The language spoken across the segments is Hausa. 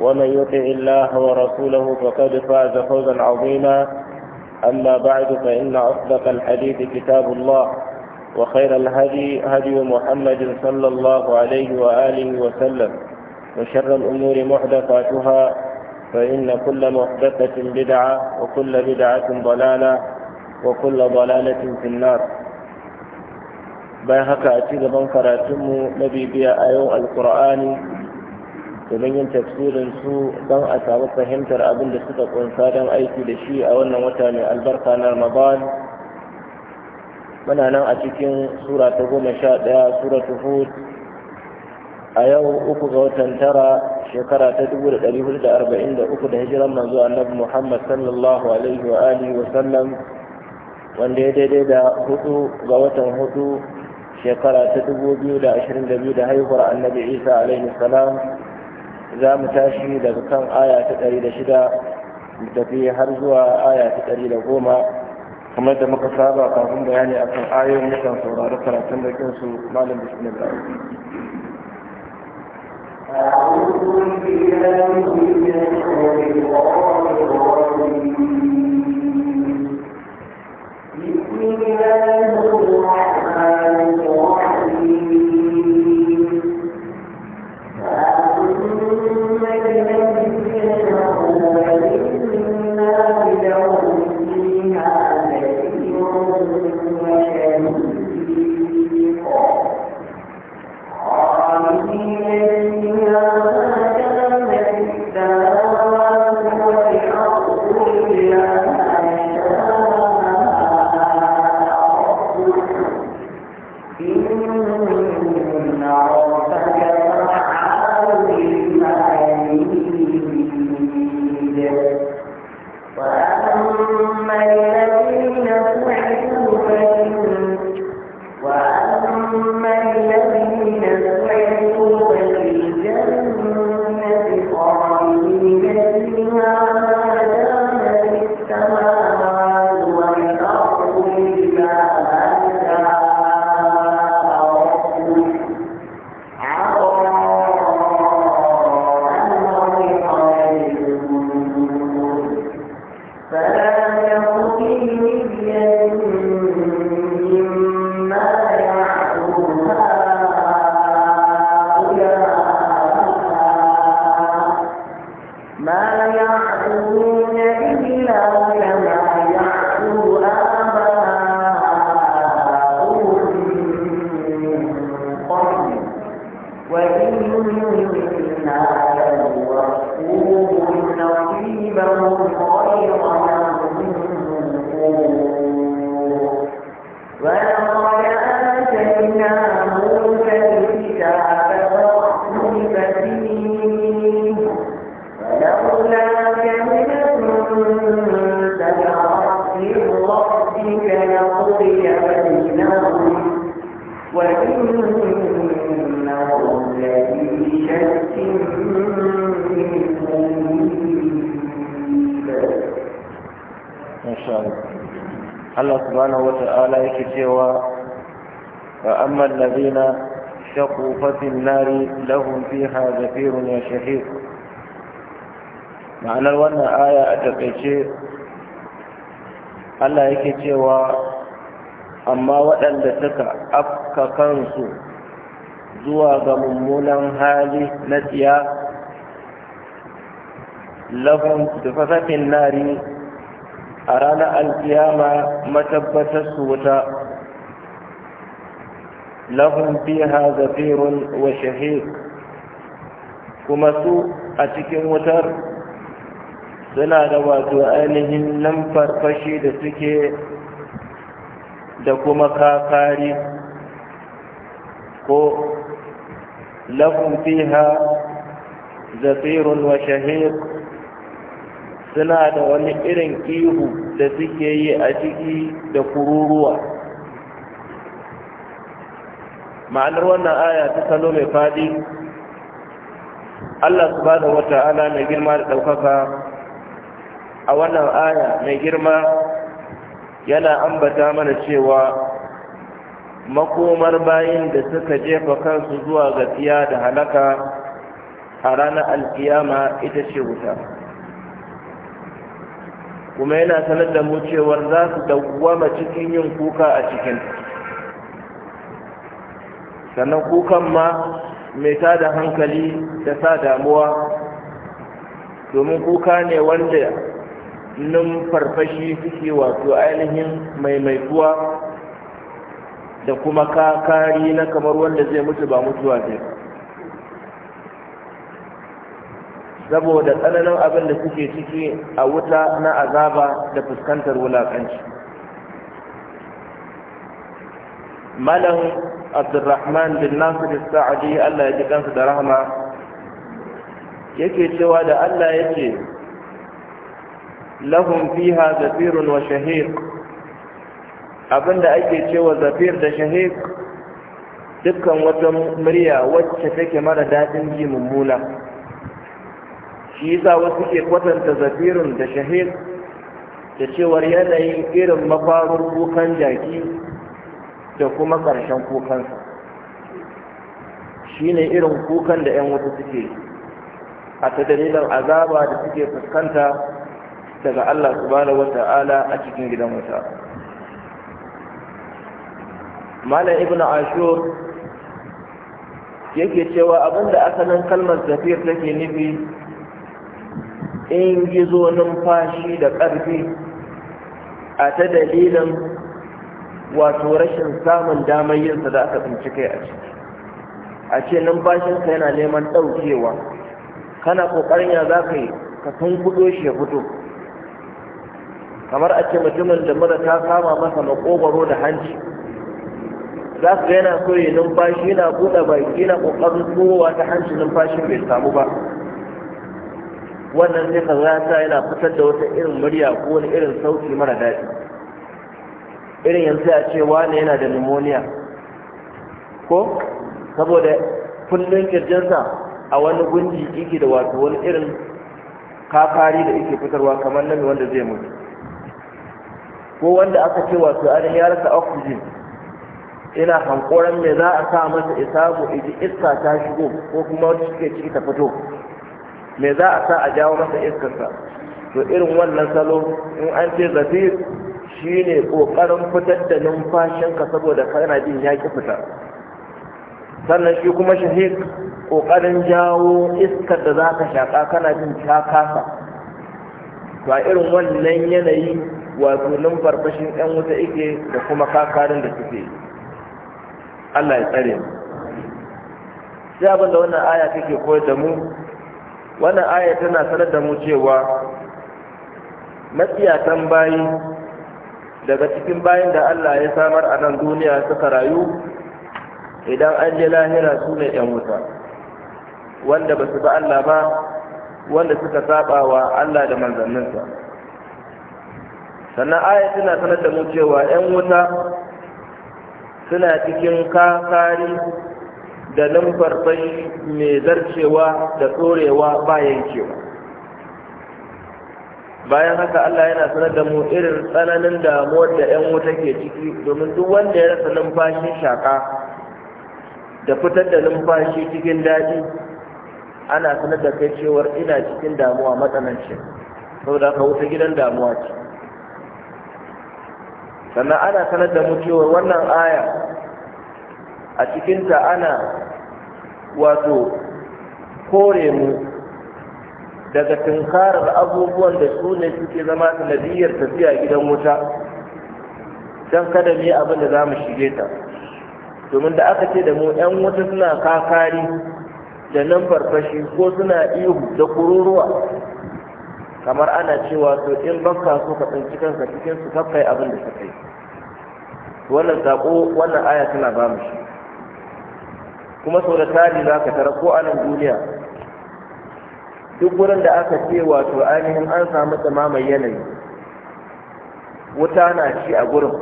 ومن يطع الله ورسوله فقد فاز فوزا عظيما أما بعد فإن أصدق الحديث كتاب الله وخير الهدي هدي محمد صلى الله عليه وآله وسلم وشر الأمور محدثاتها فإن كل محدثة بدعة وكل بدعة ضلالة وكل ضلالة في النار باهك أتيد من كراتم نبي بيا أيو القرآن domin yin tafsirin su don a samu fahimtar abin da suka kunsa don aiki da shi a wannan wata mai albarka na ramadan muna nan a cikin sura ta goma sha ɗaya sura ta hud a yau uku ga watan tara shekara ta dubu da ɗari hudu da arba'in da uku da hijiran manzo annabi muhammad sallallahu alaihi wa alihi wa sallam wanda ya daidai da hudu ga watan hudu shekara ta dubu biyu da ashirin da biyu da haihuwar annabi isa alaihi salam za mu tashi daga kan aya ta ɗari da shida mu tafi har zuwa aya ta ɗari da goma kamar da muka saba kafin bayani akan ayon mukan saurari karatun da kinsu malam bismillah أعوذ بالله من الشيطان الرجيم بسم الله Allah subhanahu wa ta'ala yake cewa fa amma allazina shaqu fa fil nari lahum fiha zafirun wa shahiq ma'anar wannan aya a takaice Allah yake cewa amma waɗanda suka afka kansu zuwa ga mummunan hali na tsiya lahum bi fasatin nari a ranar alkiyama matabbatar su wuta lahun fiha zafirun wa shahir kuma su a cikin wutar suna da wato ainihin nan farfashi da suke da kuma kakari ko lahun fiha zafirun wa shahir suna da wani irin ihu da suke yi a ciki da kururuwa ma'anar wannan aya ta kano mai fadi Allah ba wata ana mai girma da ɗaukaka a wannan aya mai girma yana ambata mana cewa makomar bayin da suka jefa kansu zuwa gaskiya da halaka a ranar alkiyama ita ce wuta kuma yana sanar da mu cewar za su dawwama cikin yin kuka a cikin sannan kukan ma mai tada hankali da sa damuwa domin kuka ne wanda numfarfashi suke wato ainihin maimaituwa da kuma kakari na kamar wanda zai mutu ba mutuwa zai saboda tsananin abin da suke ciki a wuta na azaba da fuskantar wulakanci. malam abdurrahman bin nasir sa'adi allah ya ji kansu da rahama yake cewa da allah ya ce lahum fiha zafirun wa abin abinda ake cewa zafir da shahir dukkan wata murya wacce take mara daɗin ji mummuna shi za wasu ke kwatanta zafirin da shahid da cewar yanayin irin mafarin kukan jaki da kuma ƙarshen kukansa shi ne irin kukan da 'yan wata suke a ta dalilin azaba da suke fuskanta daga Allah subhanahu wata'ala a cikin gidan wuta malam ibn ashur yake cewa abinda asalin kalmar zafir take nufi in gizo numfashi da ƙarfi a ta dalilin wato rashin samun damar yinsa da aka bincike a ciki a ce numfashinsa yana neman ɗaukewa kana ƙoƙarin ya za ka yi ka san kudo shi ya fito kamar a ce mutumin da mura ta kama masa makogwaro da hanci za ka yana so numfashi yana buɗe baki yana ƙoƙarin tsowa ta hancin numfashi bai samu ba wannan sai ka sa yana fitar da wata irin murya ko wani irin sauti mara daɗi irin yanzu a ce wane yana da pneumonia ko saboda kullum kirjinsa a wani gunji yake da wato wani irin kafari da yake fitarwa kamar nan wanda zai mutu ko wanda aka ce wato an ya rasa oxygen ina hankoran me za a sa masa isabu idan iska ta shigo ko kuma wata suke ciki ta fito me za a sa a jawo masa iskarsa to irin wannan salo in an ce zafir shine ne ƙoƙarin fitar da numfashinka saboda kana jin ya ƙi fita sannan shi kuma shahid ƙoƙarin jawo iskar da za ka shaƙa kana jin ta kasa to a irin wannan yanayi wato numfarfashin 'yan wuta ike da kuma kakarin da suke Allah ya tsare mu sai abin da wannan aya take koyar da mu wannan aya tana sanar da mu cewa matsiyatan bayi daga cikin bayin da Allah ya samar a nan duniya suka rayu idan an je lahira su ne ‘yan wuta wanda ba su ba Allah ba wanda suka saba wa Allah da manzanninsa sannan aya tana sanar da mu cewa ‘yan wuta suna cikin kakari da numfarfai mai zarcewa da ɗorewa bayan kewa bayan haka Allah yana sanar da mu irin tsananin damuwar da 'yan wuta ke ciki domin duk wanda ya rasa numfashi shaka da fitar da numfashi cikin daji ana sanar da kai cewar ina cikin damuwa matsananci saboda ka wuta gidan damuwa ce sannan ana sanar da mu cewar wannan aya a cikinta ana wato kore mu daga tunkarar abubuwan da su ne suke zama sanadiyar tafiya gidan wuta don kada ne abin da za mu shige ta domin da aka ce da mu 'yan wuta suna kakari da nan farfashi ko suna ihu da kururuwa kamar ana cewa to in baka so ka tsinci kanka cikin su kafkai abin da suka yi wannan sako wannan aya tana ba mu shi kuma sau da tari za ka tara ko a nan duniya duk wurin da aka ce wato ainihin an samu mai yanayi wuta na ci a gurin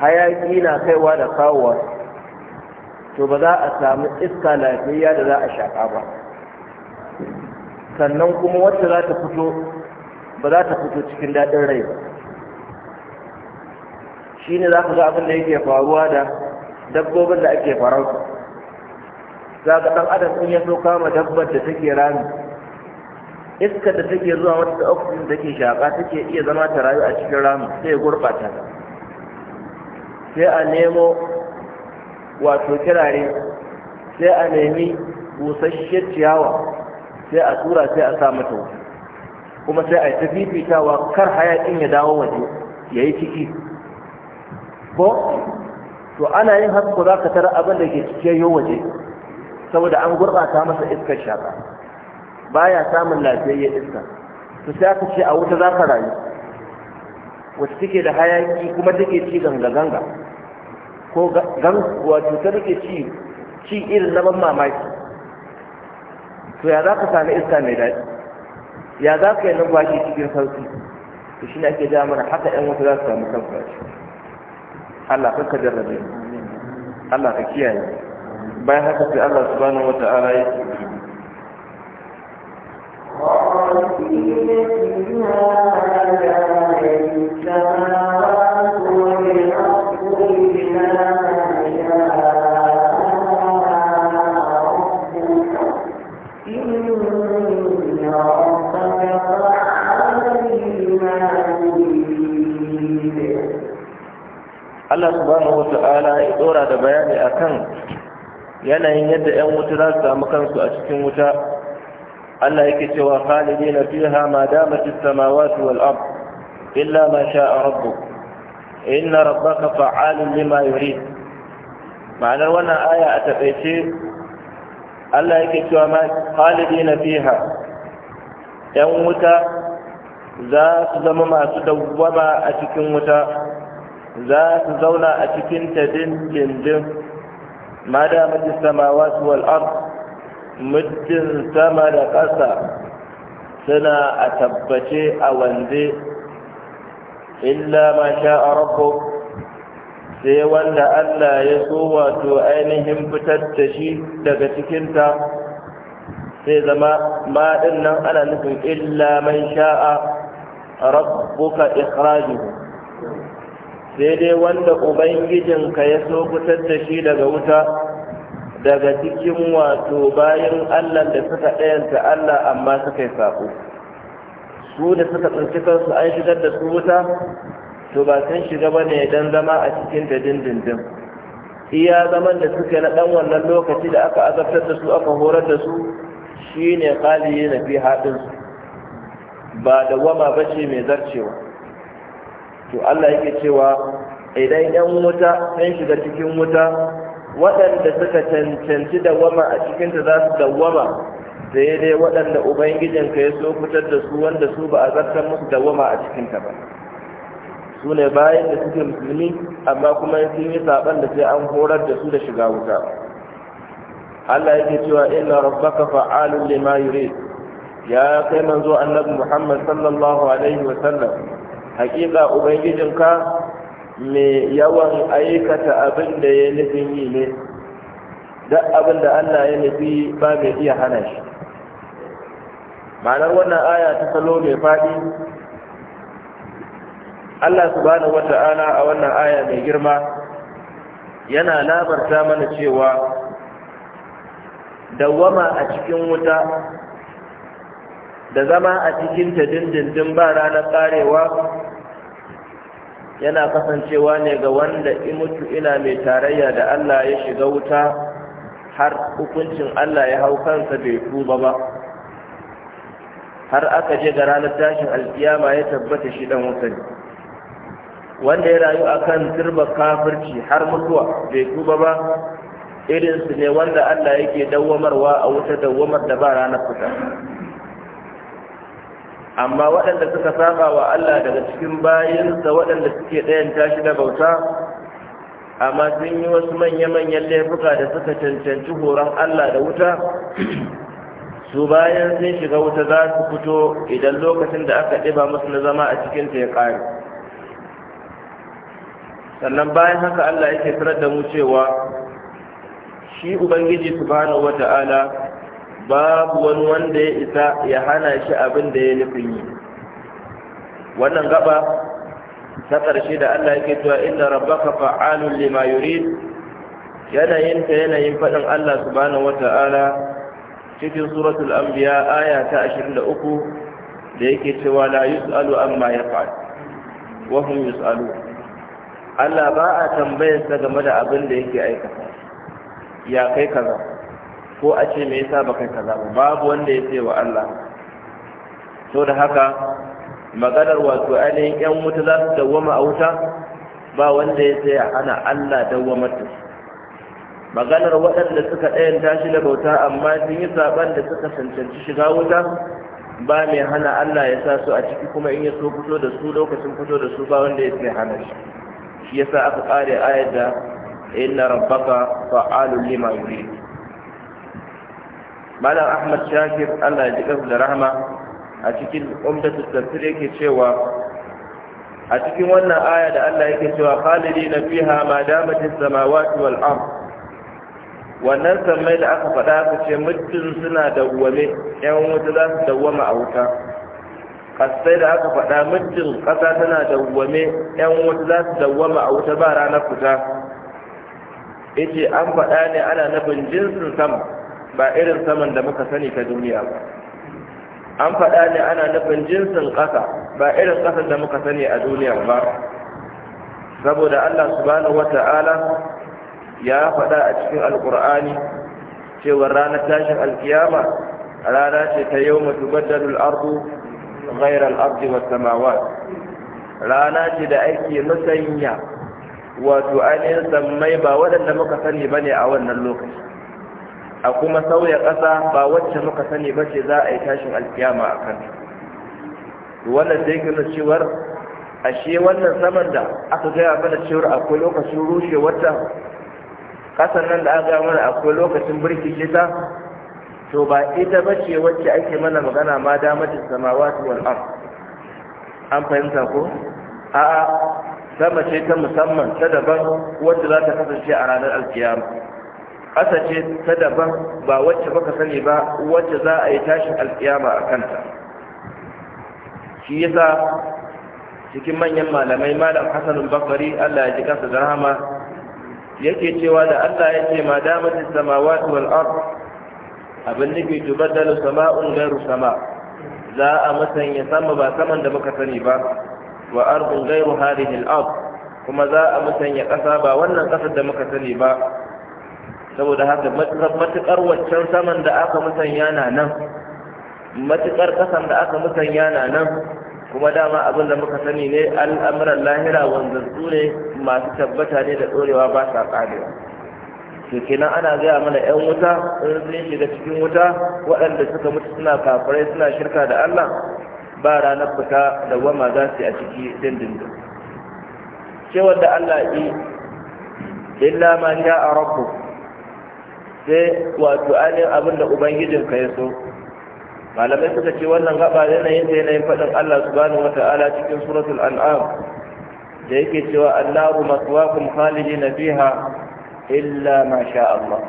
hayaki na kaiwa da kawowa to ba za a samu iska lafiya da za a shaƙa ba sannan kuma wacce za ta fito ba za ta fito cikin daɗin rai ba shi ne za ku ga abin da yake faruwa da dabbobin da ake farauta za ka ɗan adam in ya so kama dabbar da take rami iskar da take zuwa wata oxygen take shaƙa take iya zama ta rayu a cikin rami sai gurɓata sai a nemo wato kirare sai a nemi busasshiyar ciyawa sai a tura sai a sa mata wuta kuma sai a yi ta fifitawa kar hayaƙin ya dawo waje ya yi ciki ko to ana yin haka za ka tara abin da ke cikin yau waje saboda an gurɓata masa iskar shaƙa baya samun lafiyayyen iska to sai aka ce a wuta za ka rayu wacce take da hayaki kuma take ci ganga-ganga ko wato ta take ci ci irin na ban mamaki to ya za ka sami iska mai daɗi ya za ka yi gwashi cikin sauki to shi ne ake ja mana haka ‘yan wata za su samu kan fashi Allah ka jarrabe Allah ka kiyaye bayan haka sai Allah subhanahu ta'ala ya Allah subhanahu wata'ala ya dora da bayani akan yanayin yadda 'yan wuta za su samu kansu a cikin wuta Allah yake cewa khalidina fiha ma dama as-samawati wal ard illa ma sha'a rabbuk inna rabbaka fa'alun lima yurid ma'anar wannan aya a taɓaice. Allah yake cewa ma khalidina fiha 'yan wuta za su zama masu dawwama a cikin wuta za su zauna a cikin tadin dindindin ma damat as-samawati wal ard muddin sama da ƙasa suna a tabbace a wanze illa ma sha'a rabbuk sai wanda Allah ya so wato ainihin fitar da shi daga cikinta sai zama ma nan ana nufin illa man sha'a rabbuka ikhrajuhu sai dai wanda ubangijinka ya so fitar da shi daga wuta daga cikin wato bayan allah da suka ɗayanta allah amma suka yi saƙo su da suka tsinci kansu an shigar da su wuta to ba sun shiga ba ne don zama a cikin da dindindin iya zaman da suka na ɗan wannan lokaci da aka azabtar da su aka horar da su shi ne na fi haɗinsu ba da wama ba ce mai zarcewa to Allah yake cewa idan yan wuta sun shiga cikin wuta waɗanda suka cancanci dawama a cikinta za su dawama sai dai waɗanda ubangijinka ya so fitar da su wanda su ba a zartar musu dawama a cikinta ba su ne bayan da suke musulmi amma kuma sun yi saɓan da sai an horar da su da shiga wuta Allah yake cewa inna rabbaka fa'alun lima yurid ya kai manzo annabi Muhammad sallallahu alaihi wa sallam hakika ka mai yawan aikata abin da ya nufin yi ne duk abin da allah ya nufi ba mai iya hana shi ma'anar wannan aya ta salo mai faɗi allah subhanahu wata'ala a wannan aya mai girma yana labarta mana cewa Dawama a cikin wuta da zama a cikin ta dindindin ba ranar karewa yana kasancewa ne ga wanda imutu ina mai tarayya da Allah ya shiga wuta har hukuncin Allah ya hau kansa bai tuba ba har aka je ga ranar tashin alkiyama ya tabbata shi dan wuta wanda ya rayu akan turba kafirci har mutuwa bai tuba ba irinsu ne wanda Allah yake dawwamarwa a wuta dawwamar da ba ranar fita amma waɗanda suka saba wa Allah daga cikin bayansa waɗanda suke ɗayan tashi da bauta amma sun yi wasu manya-manyan laifuka da suka cancanci horon Allah da wuta su bayan sun shiga wuta za su fito idan lokacin da aka ɗiba musu na zama a cikin ta ya sannan bayan haka Allah yake sanar da mu cewa shi Ubangiji subhanahu wata'ala babu wani wanda ya isa ya hana shi abin da ya nufin yi wannan gaba ta ƙarshe da Allah yake cewa inna rabbaka fa'alun lima yurid yanayin ta yanayin faɗin Allah subhanahu wata'ala cikin suratul anbiya aya ta 23 da yake cewa la yus'alu amma yaf'al wa hum yus'alu Allah ba a tambayar sa game da abin da yake aikata ya kai kaza ko a ce me yasa baka kaza ba babu wanda ya wa Allah to da haka maganar wato ainihin yan wuta za su dawwama a wuta ba wanda ya tsaya ana Allah dawwamar ta su maganar waɗanda suka ɗayan tashi da bauta amma sun yi zaɓen da suka cancanci shiga wuta ba mai hana Allah ya sa su a ciki kuma in ya so fito da su lokacin fito da su ba wanda ya sai hana shi shi sa aka ƙare ayar da inna rabbaka fa'alul lima yurid malam ahmad shakir allah ya ji ƙasa da rahama a cikin umdatu tafsir yake cewa a cikin wannan aya da allah yake cewa khalidina fiha ma damat as-samawati wal ard wannan sammai da aka faɗa ka ce mutum suna dawwame yan wuta za su dawwama a wuta kasai da aka faɗa mutum ƙasa tana dawwame yan wuta za su dawwama a wuta ba ranar fita yace an faɗa ne ana nufin jinsin sama ba irin saman da muka sani ta duniya ba an faɗa ne ana nufin jinsin ƙasa ba irin ƙasar da muka sani a duniya ba saboda Allah subhanahu wata'ala ya faɗa a cikin alƙur'ani cewa ranar tashin alkiyama rana ce ta yau mutu baddalul ardu ghairar ardi wa rana ce da ake musanya wato ainihin sammai ba waɗanda muka sani ba ne a wannan lokaci a kuma sauya ƙasa ba wacce muka sani ba ce za a yi tashin alkiyama a kan wannan yake gina cewar ashe wannan saman da aka gaya mana cewar akwai lokacin rushe wata ƙasan nan da aka gaya mana akwai lokacin birki ta to ba ita ba ce wacce ake mana magana ma damatin samawati wal ard an fahimta ko a'a sama ce ta musamman ta daban wacce za ta kasance a ranar alkiyama ƙasa ce ta daban ba wacce baka sani ba wacce za a yi tashin alƙiyama a kanta shi yasa cikin manyan malamai malam hasanun bakari allah ya ji kansa da rahama yake cewa da allah ya ce ma damatin samawati wal ard abin nufi tubaddalu sama'un gairu sama za a masanya sama ba saman da muka sani ba wa ardun gairu harihi kuma za a musanya ƙasa ba wannan ƙasar da muka sani ba saboda haka matuƙar waccan saman da aka musanya na nan matuƙar ƙasan da aka musanya na nan kuma dama abin da muka sani ne al'amuran lahira wanzansu ne masu tabbata ne da ɗorewa ba sa ƙarewa to kenan ana gaya mana 'yan wuta in sun shiga cikin wuta waɗanda suka mutu suna kafirai suna shirka da allah ba ranar fita da wama za su yi a ciki dindindin cewar da allah yi illa ma sha a rabbu sai wato ainihin abin da ubangijin ka ya so malamai suka ce wannan gaba yanayin da yanayin faɗin Allah Su subhanahu wata'ala cikin suratul al'am da yake cewa Allahu Khalidi na fiha illa ma sha Allah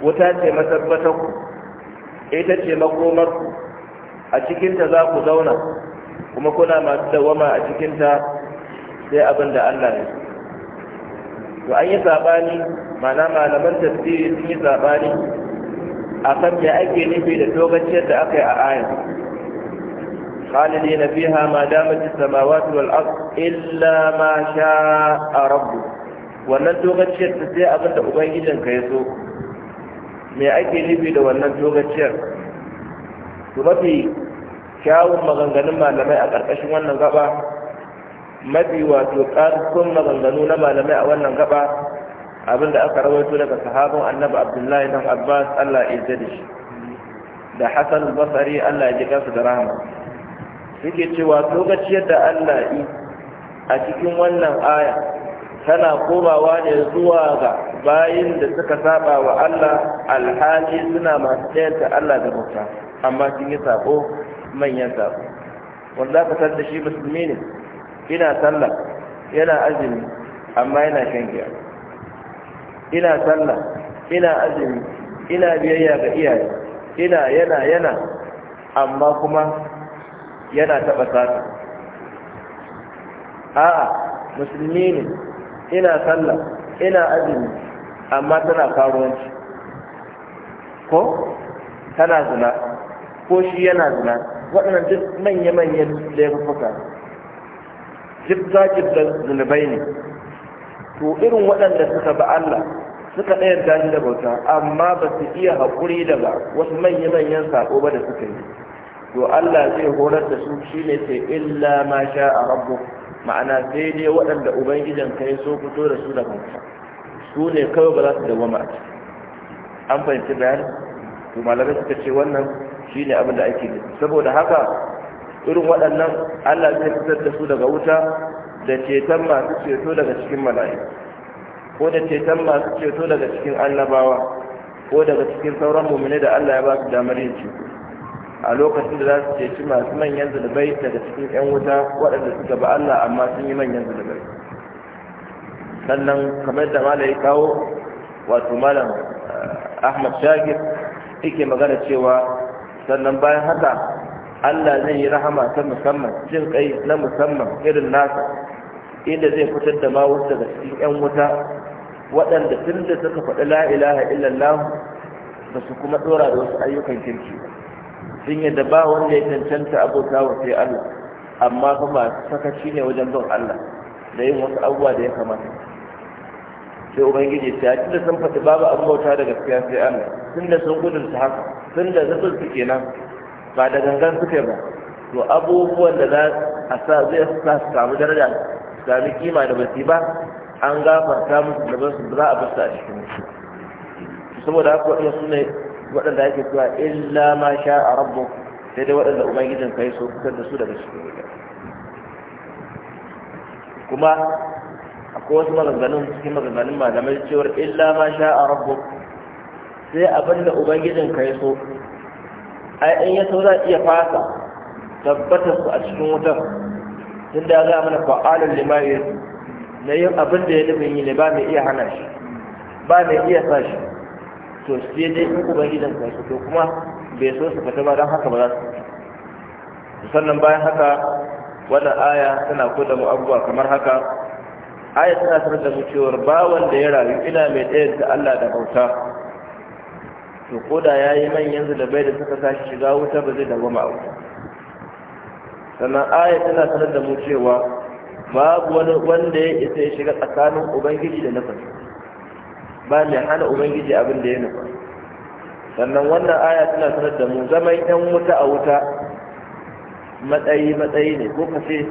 wuta ce matabbatar ku ita ce makomar ku a cikinta za ku zauna kuma kuna masu dawama a cikinta sai abin da Allah ya so to an yi saɓani mana malaman tafsiri sun yi saɓani a kan me ake nufi da dogaciyar da aka yi a ayan خالدين فيها ما دامت السماوات illa ma sha a ربك wannan dogaciyar ta sai abin da ubangijinka ya so me ake nufi da wannan dogaciyar to mafi kyawun maganganun malamai a ƙarƙashin wannan gaba mafi wato ƙarfin maganganu na malamai a wannan gaba abinda aka rawaito daga sahabin annabi abdullahi dan abbas allah ya yarda da shi da hasan basari allah ya ji da rahama suke cewa gaciyar da allah yi a cikin wannan aya tana komawa ne zuwa ga bayin da suka saba wa allah alhali suna masu tsayanta allah da bauta amma sun yi sako manyan sako wanda aka da shi musulmi ne ina sallah yana azumi amma yana shan giya ina sallah ina azumi ina biyayya ga iyaye ina yana yana amma kuma yana taɓa sata a'a musulmi ne ina sallah ina azumi amma tana karuwanci ko tana zina ko shi yana zina waɗannan duk manya-manyan laifuka jibga jibga zunubai ne to irin waɗanda suka ba Allah suka ɗaya shi da bauta amma ba su iya haƙuri daga wasu manya-manyan saƙo ba da suka yi to Allah zai horar da su shine sai illa ma sha a rabu ma'ana sai dai waɗanda ubangijan ka yi so fito da su da kansa su ne kawai ba za su dawama a ciki an fahimci bayan to malamai suka ce wannan shine abin da ake saboda haka irin waɗannan Allah zai fitar da su daga wuta da ceton masu ceto daga cikin mala'i ko da ceton masu ceto daga cikin annabawa ko daga cikin sauran mummune da Allah ya ba su damar yin ceto a lokacin da za su ceci masu manyan zulubai daga cikin 'yan wuta waɗanda suka ba Allah amma sun yi manyan zulubai sannan kamar da Malam ya kawo wato malam eh, ahmad shagir yake magana cewa sannan bayan haka Allah zai yi rahama ta musamman jin kai na musamman irin nasa inda zai fitar da ma daga cikin 'yan wuta waɗanda tun da suka faɗi la ilaha illallah ba su kuma ɗora da wasu ayyukan kirki sun yadda ba wanda ya cancanta abota wa sai Allah amma fa ba sakaci ne wajen bin Allah da yin wasu abubuwa da ya kamata sai ubangiji ta yi da sun faɗi babu an bauta da gaskiya sai Allah tun da sun gudun su haka tun da zafin su kenan ba da gangan suke ba to abubuwan da za a sa zai sa su samu daraja sami kima da basi ba an gafarta musu da basu za a basu a cikin su saboda haka waɗanda su ne waɗanda ake cewa illa ma sha a rabbu sai dai waɗanda ubangijin kai so fitar da su daga cikin wuta kuma akwai wasu maganganun cikin maganganun malamai cewar illa ma sha a rabbu sai abin da ubangijin kai so ai in ya za iya fasa tabbatar su a cikin wutar tun da za mana fa'alar limayar na yin abin da ya nufin yi ne ba mai iya hana shi ba mai iya sa shi to su je dai in gidan kansu to kuma bai so su fata ba don haka ba za su sannan bayan haka wannan aya tana koda mu abubuwa kamar haka aya tana sanar da mu cewar bawan da ya rayu ina mai tsayar da Allah da bauta to ko da ya yi manyan zulubai da suka sa shiga wuta ba zai dawama a wuta sannan aya tana sanar da mu cewa babu wani wanda ya isa ya shiga tsakanin ubangiji da nufin ba mai hana ubangiji abin da ya nufa sannan wannan aya tana sanar da mu zama yan wuta a wuta matsayi matsayi ne ko ka ce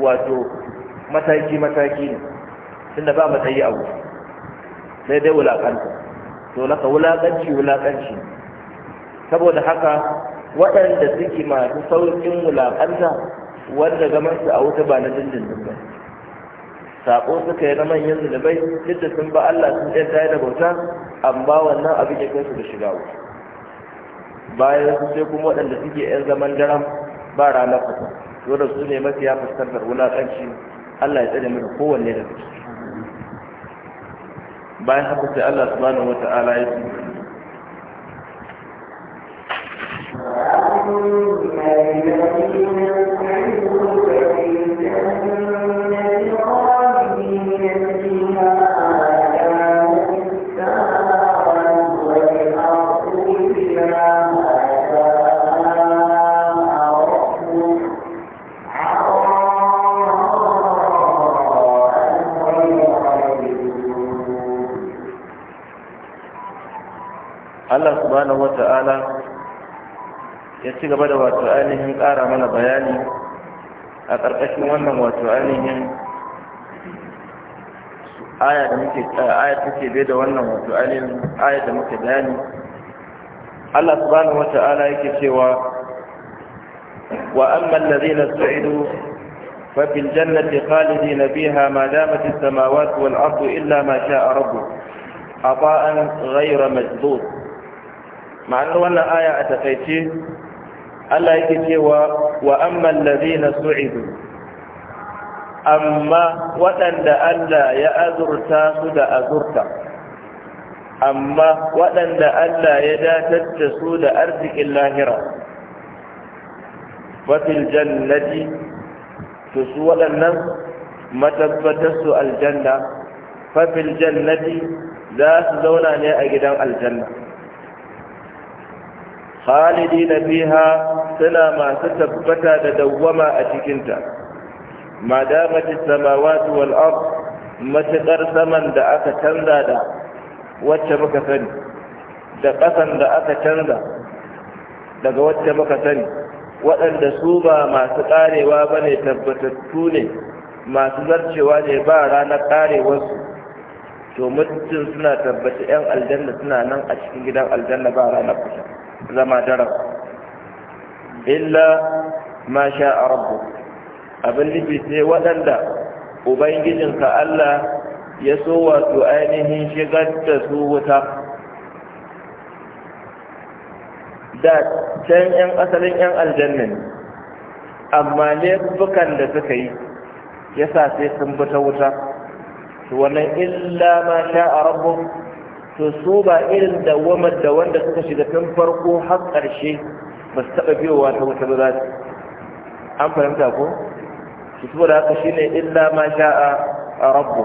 wato mataki mataki ne tunda ba matsayi a wuta sai dai wulakanta to naka wulaƙanci wulaƙanci saboda haka waɗanda suke masu sauƙin wulaƙanta wanda ga su a wuta ba na dindindin ba saƙo suka yi na manyan zunubai duk da sun ba Allah sun ɗan da bauta amma wannan abin ya kai su da shiga wuta bayan su sai kuma waɗanda suke ‘yan zaman daram ba ranar fata dole da su ne mafiya fuskantar wulaƙanci Allah ya tsare mana kowanne da ciki bayan haka sai Allah subhanahu wata'ala ya ce Thank you. تعالى يتقبل وتعالهم قارى من بياني أتركت منهم وتعالهم آية آية تسي بيد ونم وتعالهم آية مكدان الله سبحانه وتعالى يكسي وأما الذين سعدوا ففي الجنة خالدين فيها ما دامت السماوات والأرض إلا ما شاء ربه عطاء غير مجبوط ma'anar wannan aya a takaice Allah yake cewa wa amman ladina su'idu amma waɗanda Allah ya azurta su da azurta amma waɗanda Allah ya datar da su da arzikin lahira wafil jannati su waɗannan matabbatarsu su aljanna fafil jannati za su zauna ne a gidan aljanna khalidina fiha suna masu tabbata da dawwama a cikinta madamati samawati wal ard matuƙar saman da aka canza da wacce muka sani da ƙasan da aka canza daga wacce muka sani waɗanda su ba masu ƙarewa ba ne tabbatattu ne masu zarcewa ne ba ranar ƙarewarsu to mutum suna tabbata 'yan aljanna suna nan a cikin gidan aljanna ba ranar kusa zama daren illa ma sha a rabu abin nufi sai waɗanda ubangijinka Allah ya so wato ainihin shigar da su wuta da can 'yan asalin 'yan amma ne amma da suka yi ya sa sai sun bi ta wuta wannan illa ma sha a rabu to so ba irin dawamar da wanda suka shiga tun farko har ƙarshe ba su taɓa biyowa ta wuta ba za su an fahimta ko su su da haka shi ne illa ma sha'a a rabbu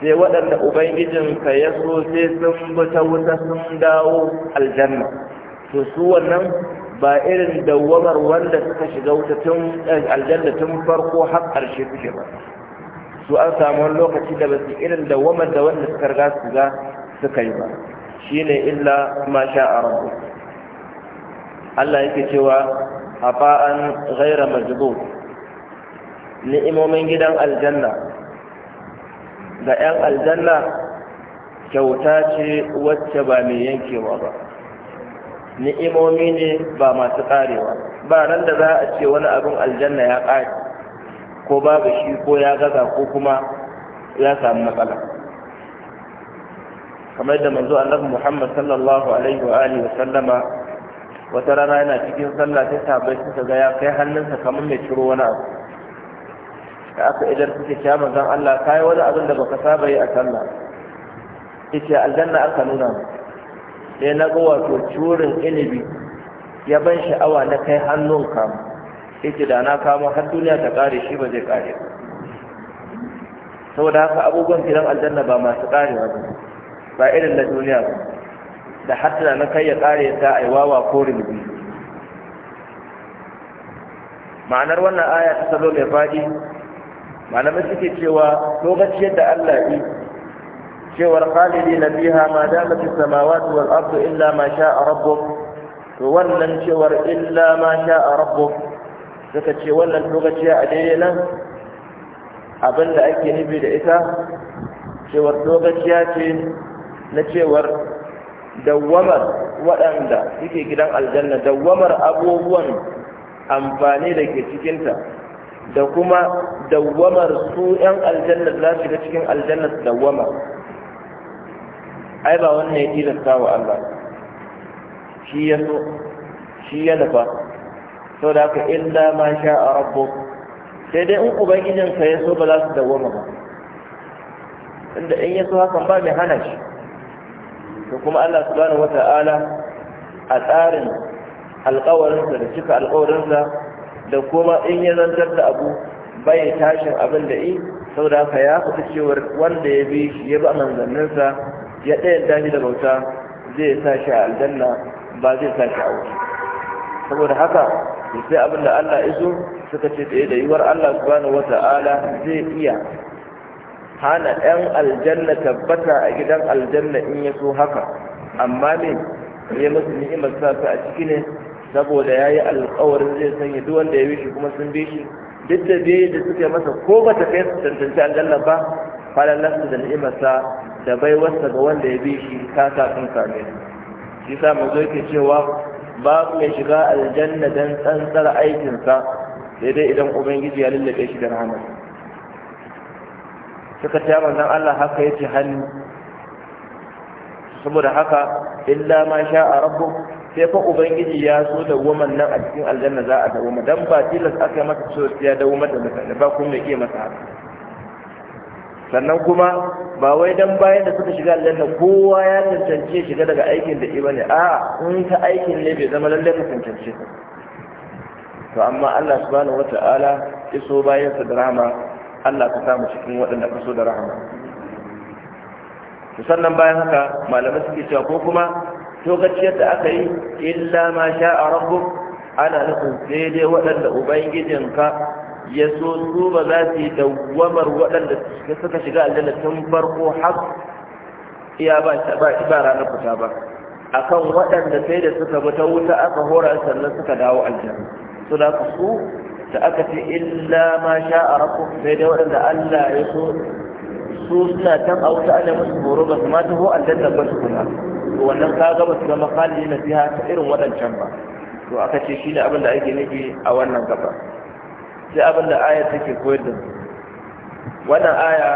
sai waɗanda ubangijinka ya so sai sun bata wuta sun dawo aljanna to su wannan ba irin dawamar wanda suka shiga wuta tun eh, aljanna tun farko har ƙarshe suke ba su an samu wani lokaci da ba su irin dawamar da wanda suka riga su ga suka yi ba ne illa ma a rabbu Allah yake cewa afa'an ghaira majdud ni'imomin gidan aljanna ga 'yan aljanna kyauta ce wacce ba mai yankewa ba ni'imomi ne ba masu karewa ba ran da za a ce wani abin aljanna ya kare ko babu shi ko ya gaza ko kuma ya samu matsala kamar da manzo annabi Muhammad sallallahu alaihi wa alihi wa sallama wata rana yana cikin sallah sai sahabbai suka ga ya kai hannunsa kamar mai ciro wani abu da aka idan suke cewa manzon Allah kai wani abin da baka saba yi a sallah yace aljanna aka nuna mu sai na ga wato curin inibi ya ban sha'awa na kai hannun kama yace da na kama har duniya ta kare shi ba zai kare ba saboda haka abubuwan gidan aljanna ba masu karewa ba ba irin na duniya ba da hatta na kai ya kare ta a wawa ko rubi ma'anar wannan aya ta salo mai faɗi malama suke cewa lokaci yadda Allah yi cewar khalidi na biha ma fi samawati wal ardu illa ma sha'a rabbuk to wannan cewar illa ma sha'a rabbuk suka ce wannan lokaci a daidai nan abinda ake nufi da ita cewar lokaci ce na cewar dawamar waɗanda suke gidan aljanna dawamar abubuwan amfani da ke cikinta da kuma dawamar su 'yan aljanna za su ga cikin aljanna su dawama. ai ba wannan ya tilasta wa Allah shi ya so shi ya nufa sau da aka illa ma sha a rabbo sai dai in ubangijinka ya so ba za su dawama ba inda in ya so hakan ba mai hana shi to kuma Allah subhanahu wata'ala a tsarin alƙawarinsa da cika alƙawarinsa da kuma in ya zantar da abu bai tashin abin da yi saboda haka ya fita cewar wanda ya bi shi ya bi a manzanninsa ya ɗaya daji da bauta zai sa shi a aljanna ba zai sa shi a wuta saboda haka sai abin da Allah iso suka ce tsaye da yiwuwar Allah subhanahu wata'ala zai iya hana 'yan aljanna tabbata a gidan aljanna in ya so haka amma ne ya musu ni'imar sa a ciki ne saboda ya yi alkawarin zai sanya duk wanda ya bishi kuma sun bishi duk da biye da suke masa ko ba ta kai su tantance aljanna ba falon lasu da ni'imar sa da baiwarsa ga wanda ya bishi ta sa sun same shi sa mu zo ke cewa babu mai shiga aljanna don tsantsar aikinsa sai dai idan ubangiji ya lullube shi da rahama suka ta nan Allah haka yake hannu saboda haka illa ma sha a rabu sai fa ubangiji ya so da woman nan a cikin aljanna za a dawo dan ba tilas aka yi mata so ya dawo mata da ba kuma yake masa haka sannan kuma ba wai dan bayan da suka shiga aljanna kowa ya tantance shiga daga aikin da iba ne a in ka aikin ne bai zama lalle ka tantance ka to amma Allah subhanahu wata'ala iso bayan sa da rahama Allah ka samu cikin waɗanda ka so da rahama sannan bayan haka malamai suke cewa ko kuma togaciyar da aka yi illa ma sha a rabbuk ana nufin sai dai waɗanda ubangijinka ya so su ba za su yi dawwamar waɗanda suka shiga aljanna tun farko har iya ba ba ranar fita ba akan waɗanda sai da suka mutu, wuta aka hora sannan suka dawo aljanna Suna su da aka ce illa ma sha a rafu sai dai waɗanda Allah ya so su suna can a wuta ana musu horo ba su ma taho aljanna ba su kuna to wannan ka ga ba su zama khalidi na fiha ta irin waɗancan ba to aka ce shi ne abin da ake nufi a wannan gaba sai abin da aya take koyar da wannan aya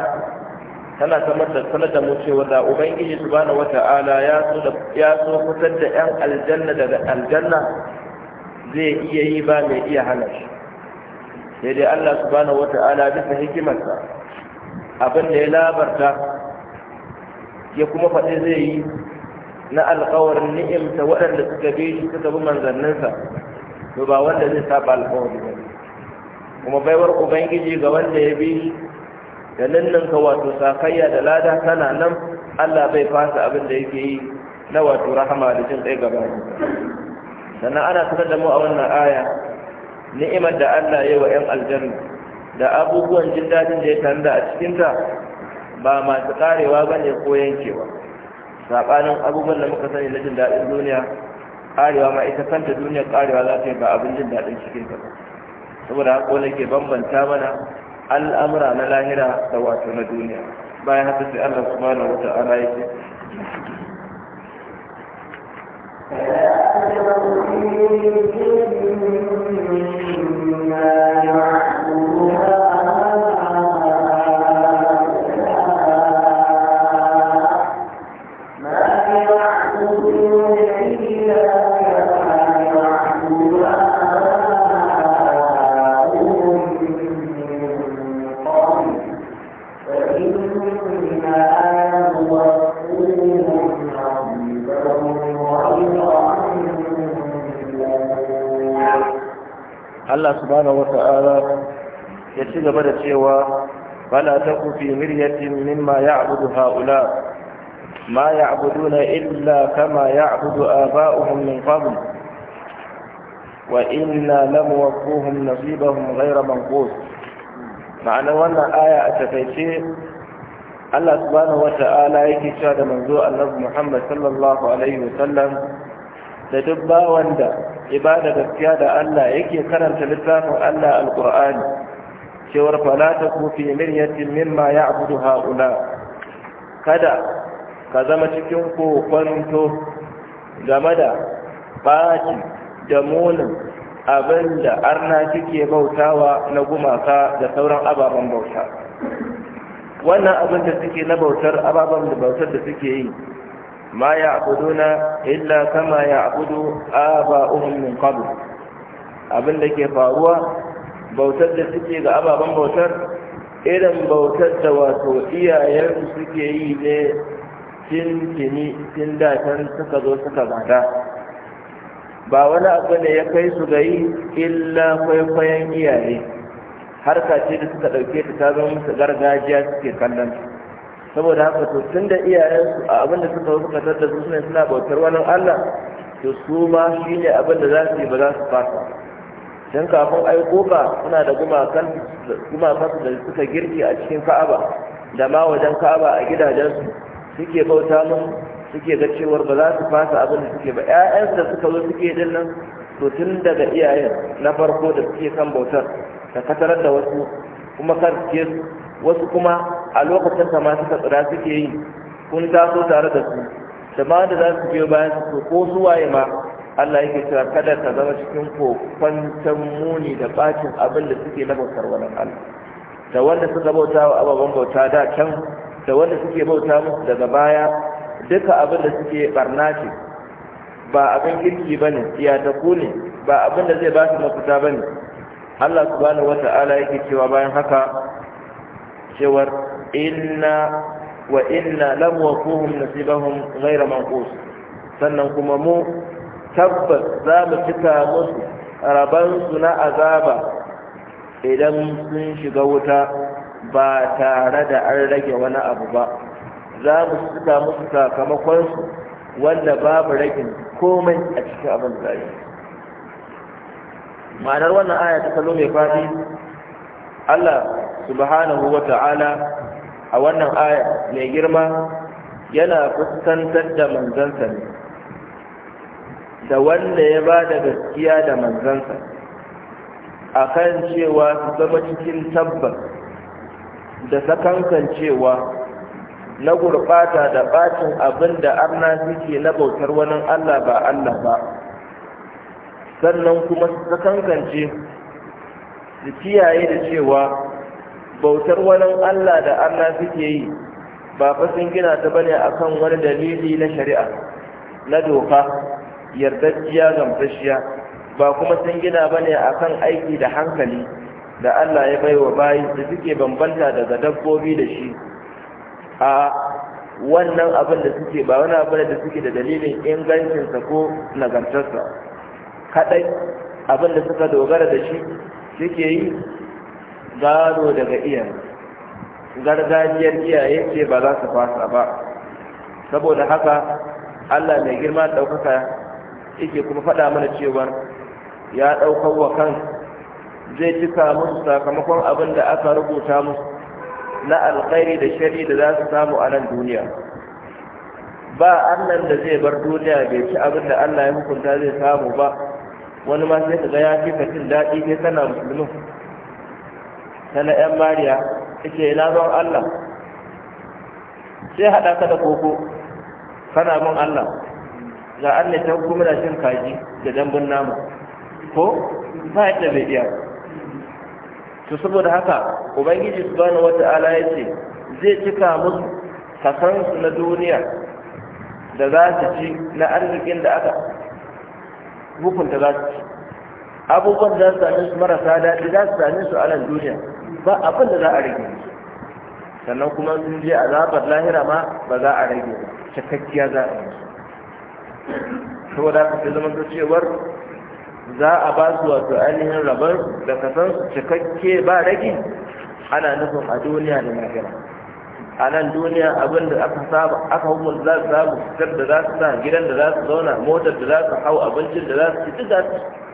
tana samar da sanar da mu cewa da ubangiji subhanahu wata'ala ya so ya so kusan da yan aljanna daga aljanna zai iya yi ba mai iya hana shi sai dai Allah subhanahu wata'ala bisa hikimarsa abin da ya labarta ya kuma faɗi zai yi na alƙawarin ni'imta waɗanda suka bi shi suka bi manzanninsa to ba wanda zai saba alƙawari ba kuma baiwar ubangiji ga wanda ya bi da ninninka wato sakayya da lada tana nan Allah bai fasa abin da yake yi na wato rahama da jin tsaye gaba sannan ana sanar da mu a wannan aya ni'imar da Allah ya wa 'yan Aljanu da abubuwan jin daɗin da ya tanda a cikinta ba masu karewa ba ne ko yankewa saɓanin abubuwan da muka sani na jin daɗin duniya karewa ma ita kanta duniya karewa za ta yi ba abin jin daɗin cikinta ba saboda haka ne ke bambanta mana al'amura na lahira da wato na duniya bayan haka sai Allah subhanahu wata'ala yake فلا Allah subhanahu wata'ala ya ci gaba da cewa fala taku fi miryatin mimma ya'budu haula ma ya'buduna illa kama ya'budu aba'uhum min qabl wa inna lamuwaffuhum nasibahum ghayra manqus ma'ana wannan aya a takaice Allah subhanahu wata'ala yake cewa da manzo Annabi Muhammad sallallahu alaihi wasallam da duk bawanda ibada gaskiya da Allah yake karanta littafin Allah alqur'ani cewar fala ta ku fi miryatin mimma ya'budu haula kada ka zama cikin kokonto game da baki da munin abin da arna kike bautawa na gumaka da sauran ababen bauta wannan abin da suke na bautar ababen da bautar da suke yi ما يعبدون إلا كما يعبد آباؤهم من قبل abin da ke faruwa bautar da suke ga ababen bautar irin bautar da wato iyayen suke yi ne tintini da datan suka zo suka gada ba wani abu ne ya kai su ga yi illa kwaikwayon iyaye harka ce da suka ɗauke ta ta musu gargajiya suke kallon saboda haka to tun da iyayensu a abin da suka suka tattar su suna suna bautar wani allah to su ma shi ne abin da za su yi ba za su fasa don kafin ai ka suna da gumakan da suka girki a cikin ka'aba da ma wajen ka'aba a gidajensu suke bauta mun suke ga cewar ba za su fasa abin da suke ba ƴaƴansu da suka zo suke din nan to tun daga iyayen na farko da suke kan bautar da katarar da wasu kuma karfe wasu kuma a lokacin sama suka tsira suke yi kun taso tare da su da ma da za su biyo bayan su ko su waye ma Allah yake cewa kada ka zama cikin kokwantan muni da bacin abin da suke na bautar wani Allah da wanda suka bauta wa ababen bauta da can da wanda suke bauta musu daga baya duka abin da suke barna ce ba abin kirki ba ne ku ne ba abin da zai ba su mafita ba ne Allah subhanahu wata'ala yake cewa bayan haka cewar inna wa inna lam nasibahum ghayra manqus sannan kuma mu tabbas za mu cika musu raban na azaba idan sun shiga wuta ba tare da an rage wani abu ba za mu cika musu sakamakon su wanda babu ragin komai a cikin abin da zai ma'anar wannan aya ta salo mai fadi Allah subhanahu wa ta'ala a wannan aya mai girma yana fuskantar da manzansa ne da wanda ya ba da gaskiya da manzansa a kan cewa su zama cikin tabbas da sakankan cewa na gurɓata da ɓacin abin da arna suke na bautar wani allah ba allah ba sannan kuma su sakankance su kiyaye da cewa bautar wani Allah da Allah suke yi ba fa sun gina ta bane akan wani dalili na shari'a na doka yardajjiya gamsashiya ba kuma sun gina bane akan aiki da hankali da Allah ya baiwa bayi da suke bambanta daga dabbobi da shi a wannan abin da suke ba wani abin da suke da dalilin ingancinsa ko nagartarsa kadai abin da suka dogara da shi suke yi gado daga iyan gargajiyar iyaye ce ba za su fasa ba saboda haka allah mai girma ɗaukaka yake kuma faɗa mana cewa ya daukar wa kan zai cika musu sakamakon abin da aka rubuta musu na alkhairi da shari da za su samu a nan duniya ba annan da zai bar duniya bai ci abin da allah ya hukunta zai samu ba wani ma sai ka ga ya fi daɗi sai tana musulmin ta na ‘yan mariya take ina zon Allah sai haɗa ka da koko kana bin Allah ga Allah ne ta kuma da shin kaji da dambun nama ko ba yadda bai iya to saboda haka ubangiji subhanahu wata'ala ya ce zai cika musu kasansu na duniya da za su ci na arzikin da aka hukunta za su ci abubuwan za su sami su marasa daɗi za su sami su a nan duniya ba abin da za a rage sannan kuma sun je azabar lahira ma ba za a rage cikakkiya za a yi saboda ka fi zama cewar za a ba su wato ainihin rabar da ka su cikakke ba rage ana nufin a duniya da lahira a nan duniya abin da aka saba aka da za su samu fitar da za su sa gidan da za su zauna motar da za su hau abincin da za su ci duk za su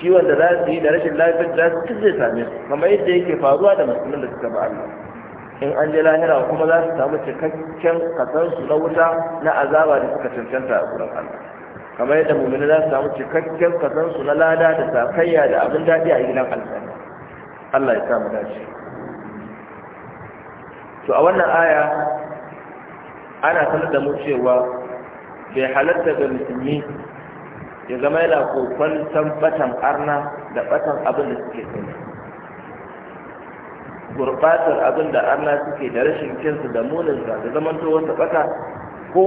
ciwon da za su yi da rashin lafiyar da su zai same su kamar yadda yake faruwa da musulmin da suka ba Allah in an je lahira kuma za su samu cikakken kasansu na wuta na azaba da suka cancanta a wurin Allah kamar yadda mummuni za su samu cikakken kasansu na lada da sakayya da abin daɗi a gidan aljanna Allah ya samu dace to a wannan aya ana sanar da mu cewa bai halatta ga musulmi ya zama yana kokon san batan arna da batan abin da suke sani gurbatar abin da arna suke da rashin kinsu da munin da to wata bata ko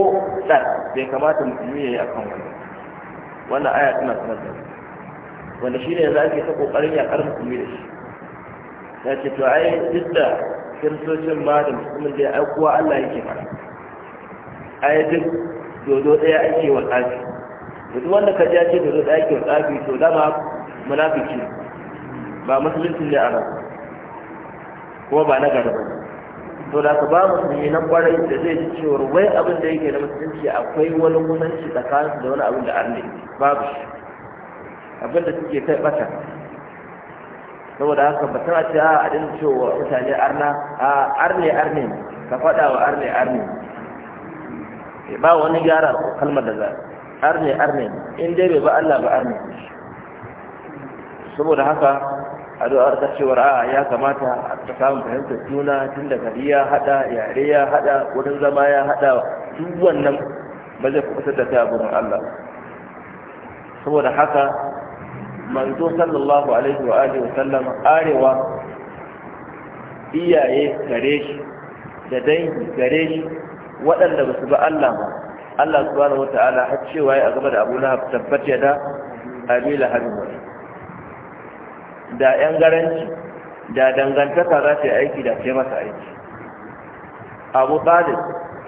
ɗan bai kamata mutum ya yi akan wani. wannan aya tana sanar da wanda shi ne yanzu ake ta ƙoƙarin yaƙar musulmi da shi ya ce to ai duk da kiristocin ma da musulmin da ya aikowa allah yake fara ai duk dodo ɗaya ake wa tsafi da duk wanda ka ji ce da zo ɗakin tsafi to dama munafiki ba musulunci ne a nan kuma ba na gari ba to da ka ba musulmi na kwarai da zai ji cewar wai abin da yake na musulunci akwai wani musulunci tsakanin da wani abin da arne babu shi abin da suke kai bata saboda haka ba tana ce ah, a din cewa mutane arna a arne arne ka faɗa wa arne arne eh, ba wani gyara kalmar da za arne arne in dai bai ba Allah ba arne saboda haka addu'ar ta cewar a ya kamata a samun fahimtar juna tun da gari ya hada yare ya hada wurin zama ya hada duk wannan ba zai kusa da ta gurin Allah saboda haka manzo sallallahu alaihi wa alihi wa sallam arewa iyaye gare shi da dangi gare shi waɗanda ba su ba Allah ba Allah subhanahu wataala har cewa ya gaba da Abu Lahab tabbata da Abi Lahab da yan garanci da dangantaka za ta yi aiki da sai masa aiki Abu Talib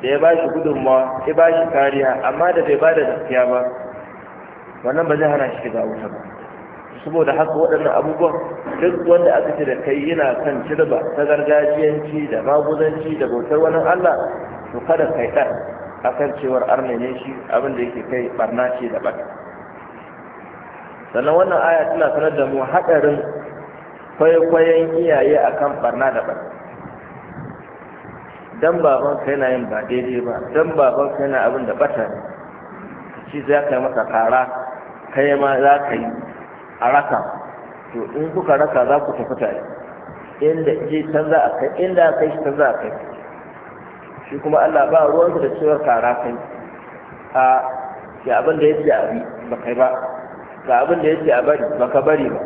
da ya bashi gudunmawa ya bashi kariya amma da bai bada gaskiya ba wannan ba zai hana shi shiga wuta ba saboda haka waɗannan abubuwan duk wanda aka ce da kai yana kan cirba ta gargajiyanci da maguzanci da bautar wani Allah to kada kai ɗan akan cewar arna shi abin da yake kai barna ce da bata sannan wannan aya tana sanar da mu haɗarin kwaikwayon iyaye akan barna da bata don baban ka yana yin ba daidai ba Don baban ka yana abin da bata shi za ka yi masa kara kai ma za ka yi a raka to in kuka raka za ku tafi tare inda je can za a kai inda aka yi shi can za a kai shi kuma Allah ba ruwansa da cewar kara kai a ga abin da yake abi ba kai ba ga abin da yake a bari ba ka bari ba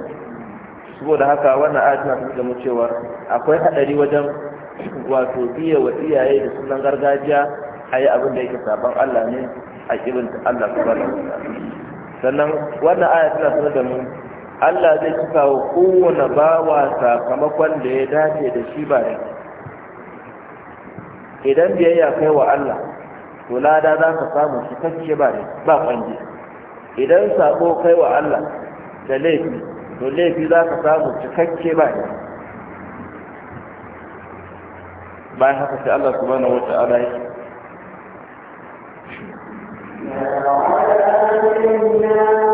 saboda haka wannan ayat tana da mu cewar akwai hadari wajen wato biya wa iyaye da sunan gargajiya a yi abin da yake saban Allah ne a kibin Allah subhanahu wa sannan wannan ayat tana da mu Allah zai cika wa kowane bawa sakamakon da ya dace da shi ba ne idan biyayya kai wa Allah to lada za ka samu cikakke ba ne ba kwanje idan sabo kai wa Allah da laifi to laifi za ka samu cikakke ba ne bayan haka sai Allah subhanahu wata'ala ya Ya Allah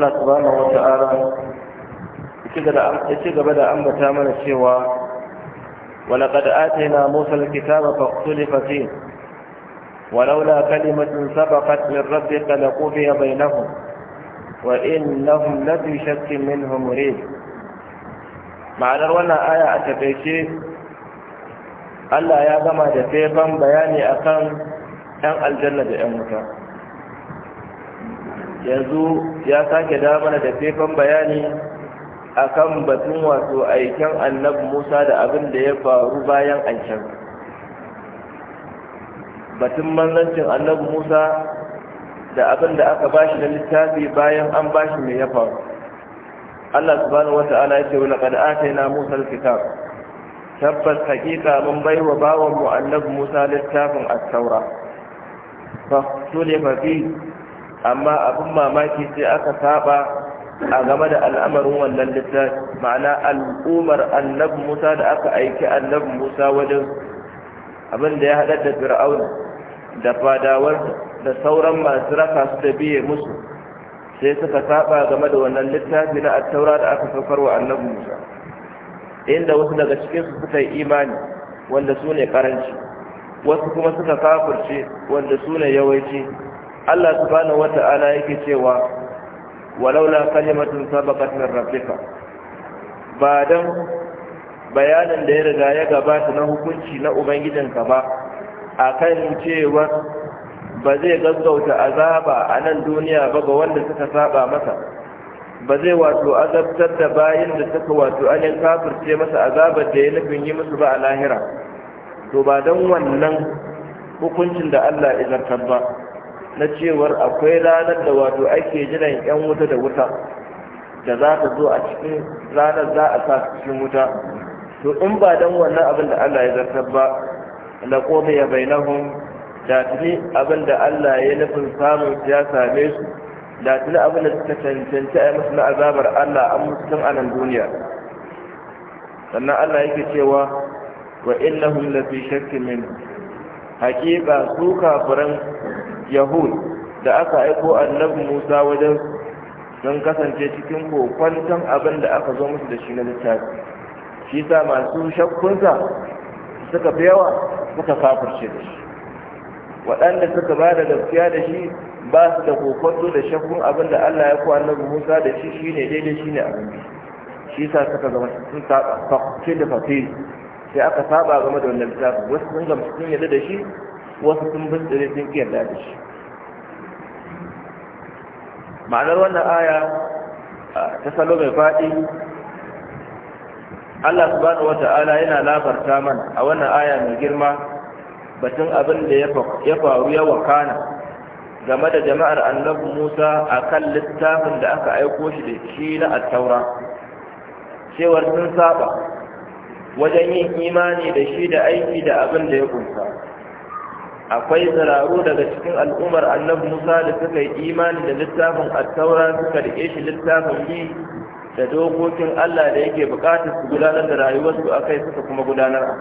Allah subhanahu wa ta'ala ya ci gaba da ambata mana cewa wani ƙada'ata yana musul kitaba faƙtuli faƙi walaula kalimatin sabakat min rabbi ƙalaƙo fi ya bainahu wa in nahun labi shakkin min humure ma'anar wannan aya a taɓaice Allah ya gama da faifan bayani akan ‘yan aljanna da ‘yan wuta. yanzu ya sake damana da faifan bayani akan batun wato aiken annabi musa da abin da ya faru bayan aiken batun manzancin annabi musa da abin da aka bashi na littafi bayan an bashi mai ya faru allah subhanahu wa ta'ala ya ce 'Wani wa laqad na musa da tabbas hakika mun baiwa wa mu annabi musa littafin a saura fa ne fafi. amma abin mamaki sai aka saba a game da al'amarin wannan littafi ma'ana al'umar Annab musa da aka aiki Annab musa wajen abin da ya haɗa da Fir'aun, da fadawar da sauran masu raka su da biye musu sai suka saba game da wannan littafi na attaura da aka saukar wa Annab musa inda wasu daga cikinsu suka yi imani wanda su ne karanci wasu kuma suka kafirce wanda su ne yawanci Allah subhanahu wata'ala yake cewa walaula kalimatun sabaqat min rabbika ba bayanin da ya riga ya gabata na hukunci na ubangijinka ba akan cewa ba zai gaggauta azaba a nan duniya ba ga wanda suka saba masa ba zai wato azabtar da bayan da suka wato anin kafirce masa azabar da ya nufin yi musu ba a lahira to ba don wannan hukuncin da Allah izartar ba na cewar akwai ranar da wato ake jiran yan wuta da wuta da za ta zo a cikin ranar za a sa cikin wuta to in ba dan wannan abin da Allah ya zartar ba la ya bainahum da tuni abin da Allah ya nufin samun ya same su da tuni abin da suka cancanci a musu na azabar Allah an musu tun a nan duniya sannan Allah yake cewa wa innahum la fi shakkin min hakika su kafiran yahud da aka aiko annabi musa wajen don kasance cikin kokwanton abin da aka zo musu da shi na littafi shi sa masu shakkunsa suka fi yawa suka kafirce da shi waɗanda suka ba da gaskiya da shi ba su da kokwanto da shakkun abin da allah ya ko annabi musa da shi shine daidai shine abin da shi sa suka zama sun saba fakke da fafe sai aka saba game da wannan littafin wasu sun gamsu sun yarda da shi wasu sun bin tsire sun yarda da shi ma'anar wannan aya ta salo mai faɗi Allah subhanahu wata'ala yana labarta mana a wannan aya mai girma batun abin da ya faru ya wakana game da jama'ar annabi Musa a kan littafin da aka aiko shi da shi na attaura cewar sun saba wajen yin imani da shi da aiki da abin da ya kunsa akwai zararo daga cikin al'ummar annabi musa da suka yi imani da littafin attaura suka riƙe shi littafin bi da dokokin allah da yake buƙatar su gudanar da rayuwarsu a kai suka kuma gudanar a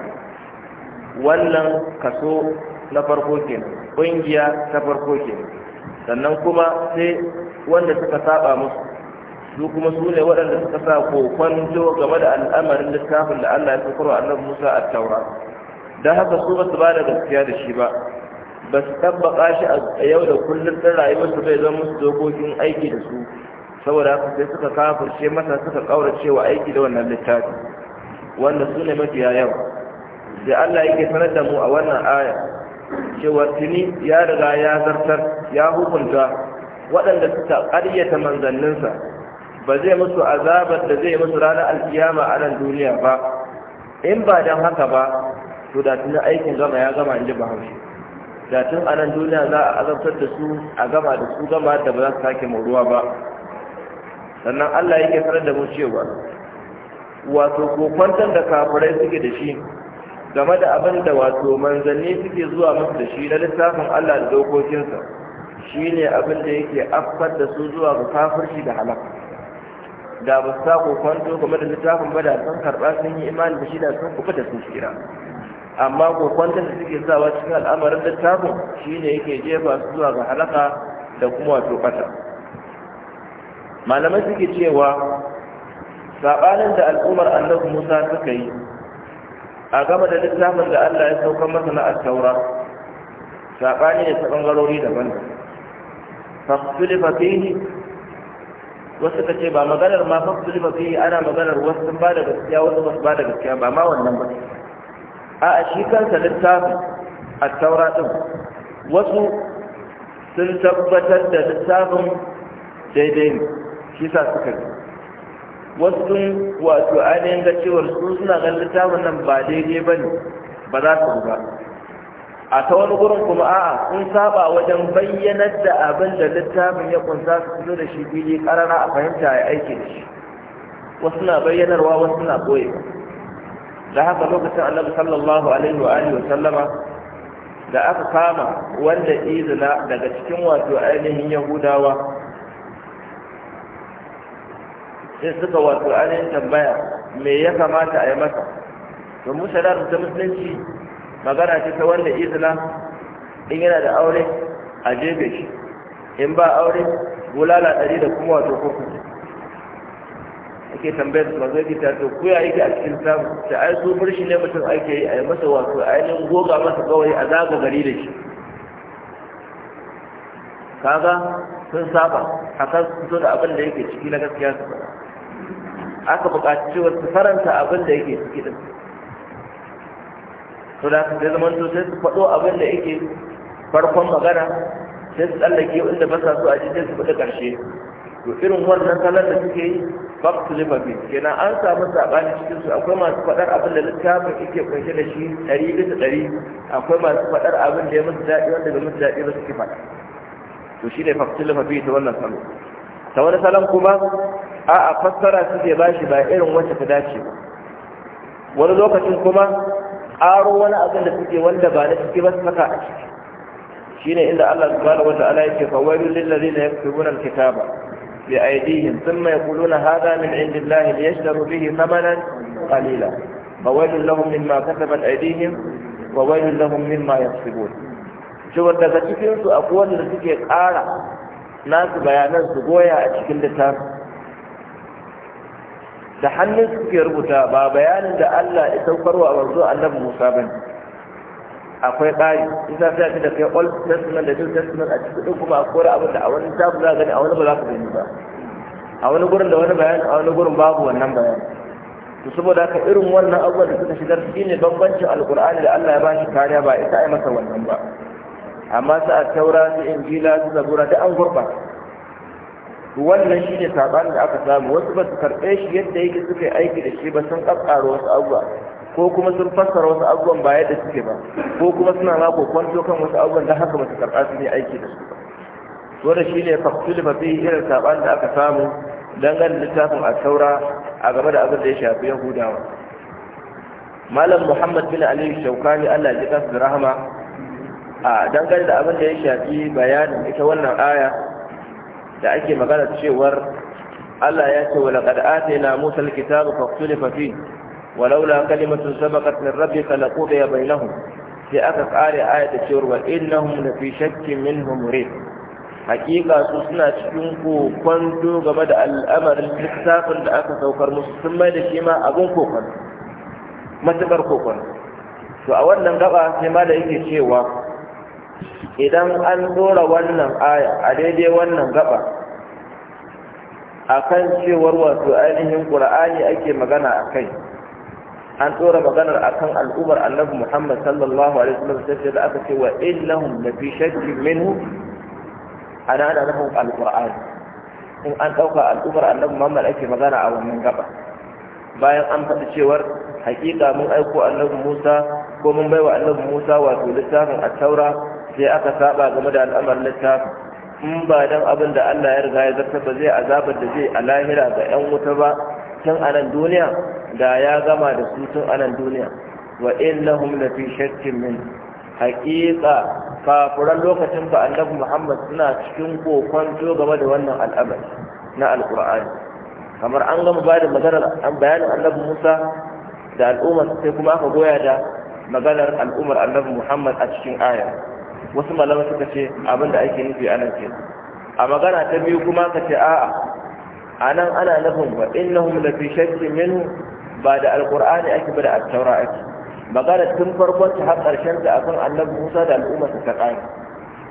wannan kaso na farko ke, ƙungiya ta farko ke, sannan kuma sai wanda suka saba musu su kuma su ne waɗanda suka sa kokwanto game da al'amarin littafin da allah ya fi kurwa annabi musa attaura don haka su ba su ba da gaskiya da shi ba ba su tabbaka shi a yau da kullum ɗin rayuwarsu bai zama musu dokokin aiki da su saboda haka sai suka kafirce masa suka kaurace wa aiki da wannan littafi wanda su ne mafi yau sai Allah yake sanar da mu a wannan aya cewa tuni ya riga ya zartar ya hukunta waɗanda suka ƙaryata manzanninsa ba zai musu azabar da zai musu ranar alkiyama a nan duniya ba in ba don haka ba to da tuni aikin gama ya gama in ji bahaushe da tun a nan duniya za a azabtar da su a gama da su gama da ba za su sake muruwa ba sannan Allah yake sanar da mu cewa wato kokwantar da kafirai suke da shi game da abin da wato manzanni suke zuwa musu da shi na littafin Allah da dokokinsa shi ne abin da yake afkar da su zuwa ga kafirci da halaka da ba su sa kokwanto game da littafin ba da sun karɓa sun yi imani da shi da sun kuka da sun shira amma kokwantar da suke sawa cikin al'amarin littafin shine yake jefa su zuwa ga halaka da kuma wato kata malamai suke cewa saɓanin da al'ummar annabi musa suka yi a gama da littafin da allah ya sauka masa na attaura saɓani ne ta ɓangarori daban fasulifa fihi wasu ka ce ba maganar ma fasulifa fihi ana maganar wasu ba da gaskiya wasu ba da gaskiya ba ma wannan ba a shi kansa littafin a taura ɗin wasu sun tabbatar da littafin daidai ne shi sa suka yi wasu sun wato ainihin ga cewar su suna ga littafin nan ba daidai ba ne ba za su ba a ta wani gurin kuma a'a sun saba wajen bayyanar da abin da littafin ya kunsa su fito da shi fili karara a fahimta ya aiki da shi wasu na bayyanarwa wasu na boyewa da haka lokacin annabi sallallahu alaihi wa alihi wa sallama da aka kama wanda izina daga cikin wato ainihin yahudawa sai suka wato ainihin tambaya me ya kamata a yi masa to musa da ta musulunci magana ce ta wanda izina in yana da aure a jefe shi in ba aure bulala ɗari da kuma wato kofin ake tambayar da manzo ke ta ko ya yi a cikin samu ta ai su murshi ne mutum ake yi a yi masa wato ainihin goga masa kawai a zaga gari da shi kaga sun saba hakan su fito da abin da yake ciki na gaskiya su fara aka buƙaci cewa su faranta abin da yake ciki din su da su zai to sai su faɗo abin da yake farkon magana sai su tsallake inda ba sa su a cikin su faɗi ƙarshe to irin wannan kalar da suke yi faktu lima kenan an samu sabani cikin su akwai masu faɗar abin da littafin yake kunshe da shi ɗari bisa ɗari akwai masu faɗar abin da ya musu daɗi wanda bai musu daɗi ba suke faɗa to shi ne faktu lima ta wannan salo ta wani salon kuma a a fassara su ke bashi ba irin wacce ta dace ba wani lokacin kuma aro wani abin da suke wanda ba na suke ba su saka a ciki shine inda Allah subhanahu wa ta'ala yake fa wailul lil ladina yaktubuna al-kitaba بأيديهم ثم يقولون هذا من عند الله ليشتروا به ثمنا قليلا فويل لهم مما كسبت أيديهم وويل لهم مما يكسبون شو daga cikin su akwai suke ƙara nasu bayanan su goya a cikin littafin da hannun suke rubuta ba bayanin da Allah ya saukarwa a Musa bane akwai ƙari isa sai ake da kai old testament da new testament a cikin kuma akwai abin da a wani tabu za a gani a wani ba za ka gani ba a wani gurin da wani bayani a wani gurin babu wannan bayani to saboda haka irin wannan abubuwan da suka shigar shi ne bambancin alkur'ani da Allah ya shi kariya ba ita yi masa wannan ba amma su a taura su injila su zabura da an gurɓata wannan shi ne saɓanin da aka samu wasu ba su karɓe shi yadda yake suka yi aiki da shi ba sun ƙaƙƙaro wasu abubuwa ko kuma sun fassara wasu abubuwan ba yadda suke ba ko kuma suna ma kokwanto kan wasu abubuwan da haka basu karɓa su ne aiki da su to da shine faktuli ba fi irin saban da aka samu dangane littafin a taura a gaba da abin da ya shafi yahudawa malam muhammad bin aliyu shaukani allah ya kasu rahama a dangane da abin da ya shafi bayanin ita wannan aya da ake magana cewar allah ya ce wa laqad atayna musa alkitaba faktuli fa walaula kalimatun sabaqat min rabbika laqudiya bainahum sai aka kare ayata cewar wa innahum la fi shakkin minhum murid hakika su suna cikin kokon game da al'amarin littafin da aka saukar musu sun mai da kima ma abin kokon matuƙar kokon to a wannan gaba sai ma da yake cewa idan an dora wannan aya a daidai wannan gaba akan cewar wato ainihin ƙura'ani ake magana a kai an tsora maganar akan al'ummar annabi muhammad sallallahu alaihi wasallam sai da aka ce wa illahum da fi shakkin minhu ana ana nufin alqur'ani in an dauka al'ummar annabi muhammad ake magana a wannan gaba bayan an faɗi cewar hakika mun aiko annabi musa ko mun baiwa annabi musa wato littafin at-taura sai aka saba game da al'amarin littafin in ba dan abin da Allah ya riga ya zartar ba zai azabar da zai a lahira ga 'yan wuta ba tun anan duniya da ya gama da su tun anan duniya wa innahum la fi shakkin min haqiqa kafuran lokacin ba annabi Muhammad suna cikin kokon to game da wannan al'amari na alqur'ani kamar an gama ba da an bayanin annabi Musa da al'ummar sai kuma aka goya da maganar al'ummar annabi Muhammad a cikin aya wasu malama suka ce abinda ake nufi anan kenan a magana ta biyu kuma ka ce a'a A nan ana nufin wa innahum la fi shakki ba da alqur'ani ake ba da at-taura ake magana tun farkon ta har karshen ta akan annabi Musa da al'umma ta kai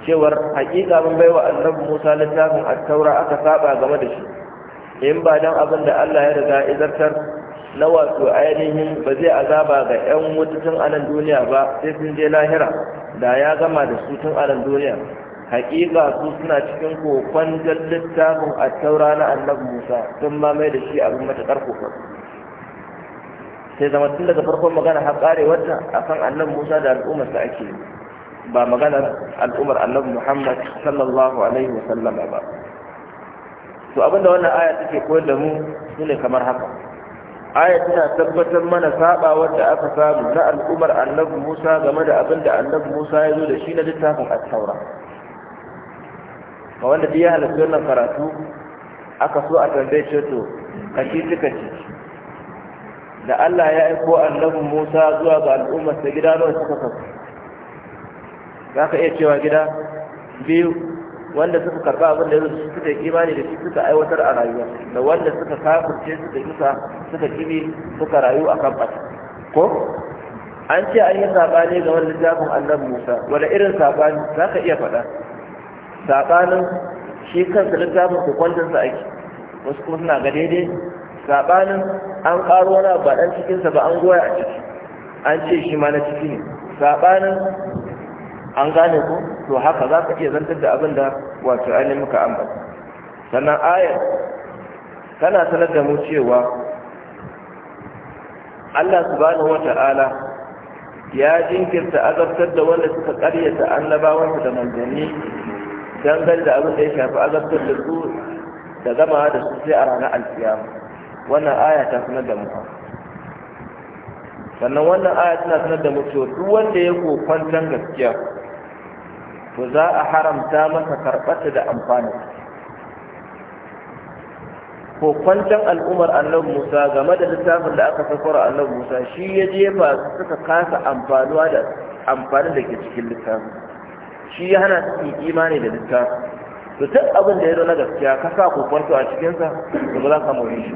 cewar hakika mun baiwa annabi Musa littafin at aka saba game da shi in ba dan abin da Allah ya riga izartar na wato ainihin ba zai azaba ga 'yan wuta tun anan duniya ba sai sun je lahira da ya gama da su tun anan duniya haƙiƙa su suna cikin kokon littafin a taura na annabi musa sun ma mai da shi abin matuƙar kokon sai zama tun daga farkon magana har ƙare wata akan annabi musa da al'ummar al'ummarsa ake ba maganar al'ummar annabi muhammad sallallahu alaihi wa sallama ba to abinda wannan aya take koyar da mu ne kamar haka aya tana tabbatar mana saba wanda aka samu na al'ummar annabi Musa game da abinda annabi Musa ya zo da shi na littafin at-Taura ba wanda duk ya halarci wannan karatu aka so a tambaye ce to kashi suka ci da Allah ya aiko annabi Musa zuwa ga al'ummar ta gida nawa suka kafa za ka iya cewa gida biyu wanda suka karba abin da ya zuci suka yi imani da shi suka aiwatar a rayuwa da wanda suka kafirce suka isa suka kimi suka rayu a kan ɓata ko an ce an yi saɓani ga wani littafin annabi musa wani irin saɓani za ka iya faɗa saɓanin shi kansa littafin kwakwantansa ake wasu kuma suna ga daidai saɓanin an ƙaro wani ba ɗan cikinsa ba an goya a ciki an ce shi ma na ciki ne saɓanin an gane ku to haka za ka iya zantar da abin da wato ainihin muka ambata sannan ayar tana sanar da mu cewa Allah subhanahu wata'ala ya jinkirta azabtar da wanda suka karyata annabawansa da manzanni dangan da abin da ya shafi azabtar da su da gama da su sai a ranar alkiyama wannan aya ta sanar da mu sannan wannan aya tana sanar da mu duk wanda ya kokwantan gaskiya to za a haramta masa karɓata da amfani kokwantan al'ummar annabi musa game da littafin da aka safara annabi musa shi ya jefa suka kasa amfanuwa da amfanin da ke cikin littafin shi ya hana su yi imani da littafi to duk abin da ya zo na gaskiya ka sa kokonto a cikinsa to ba za ka more shi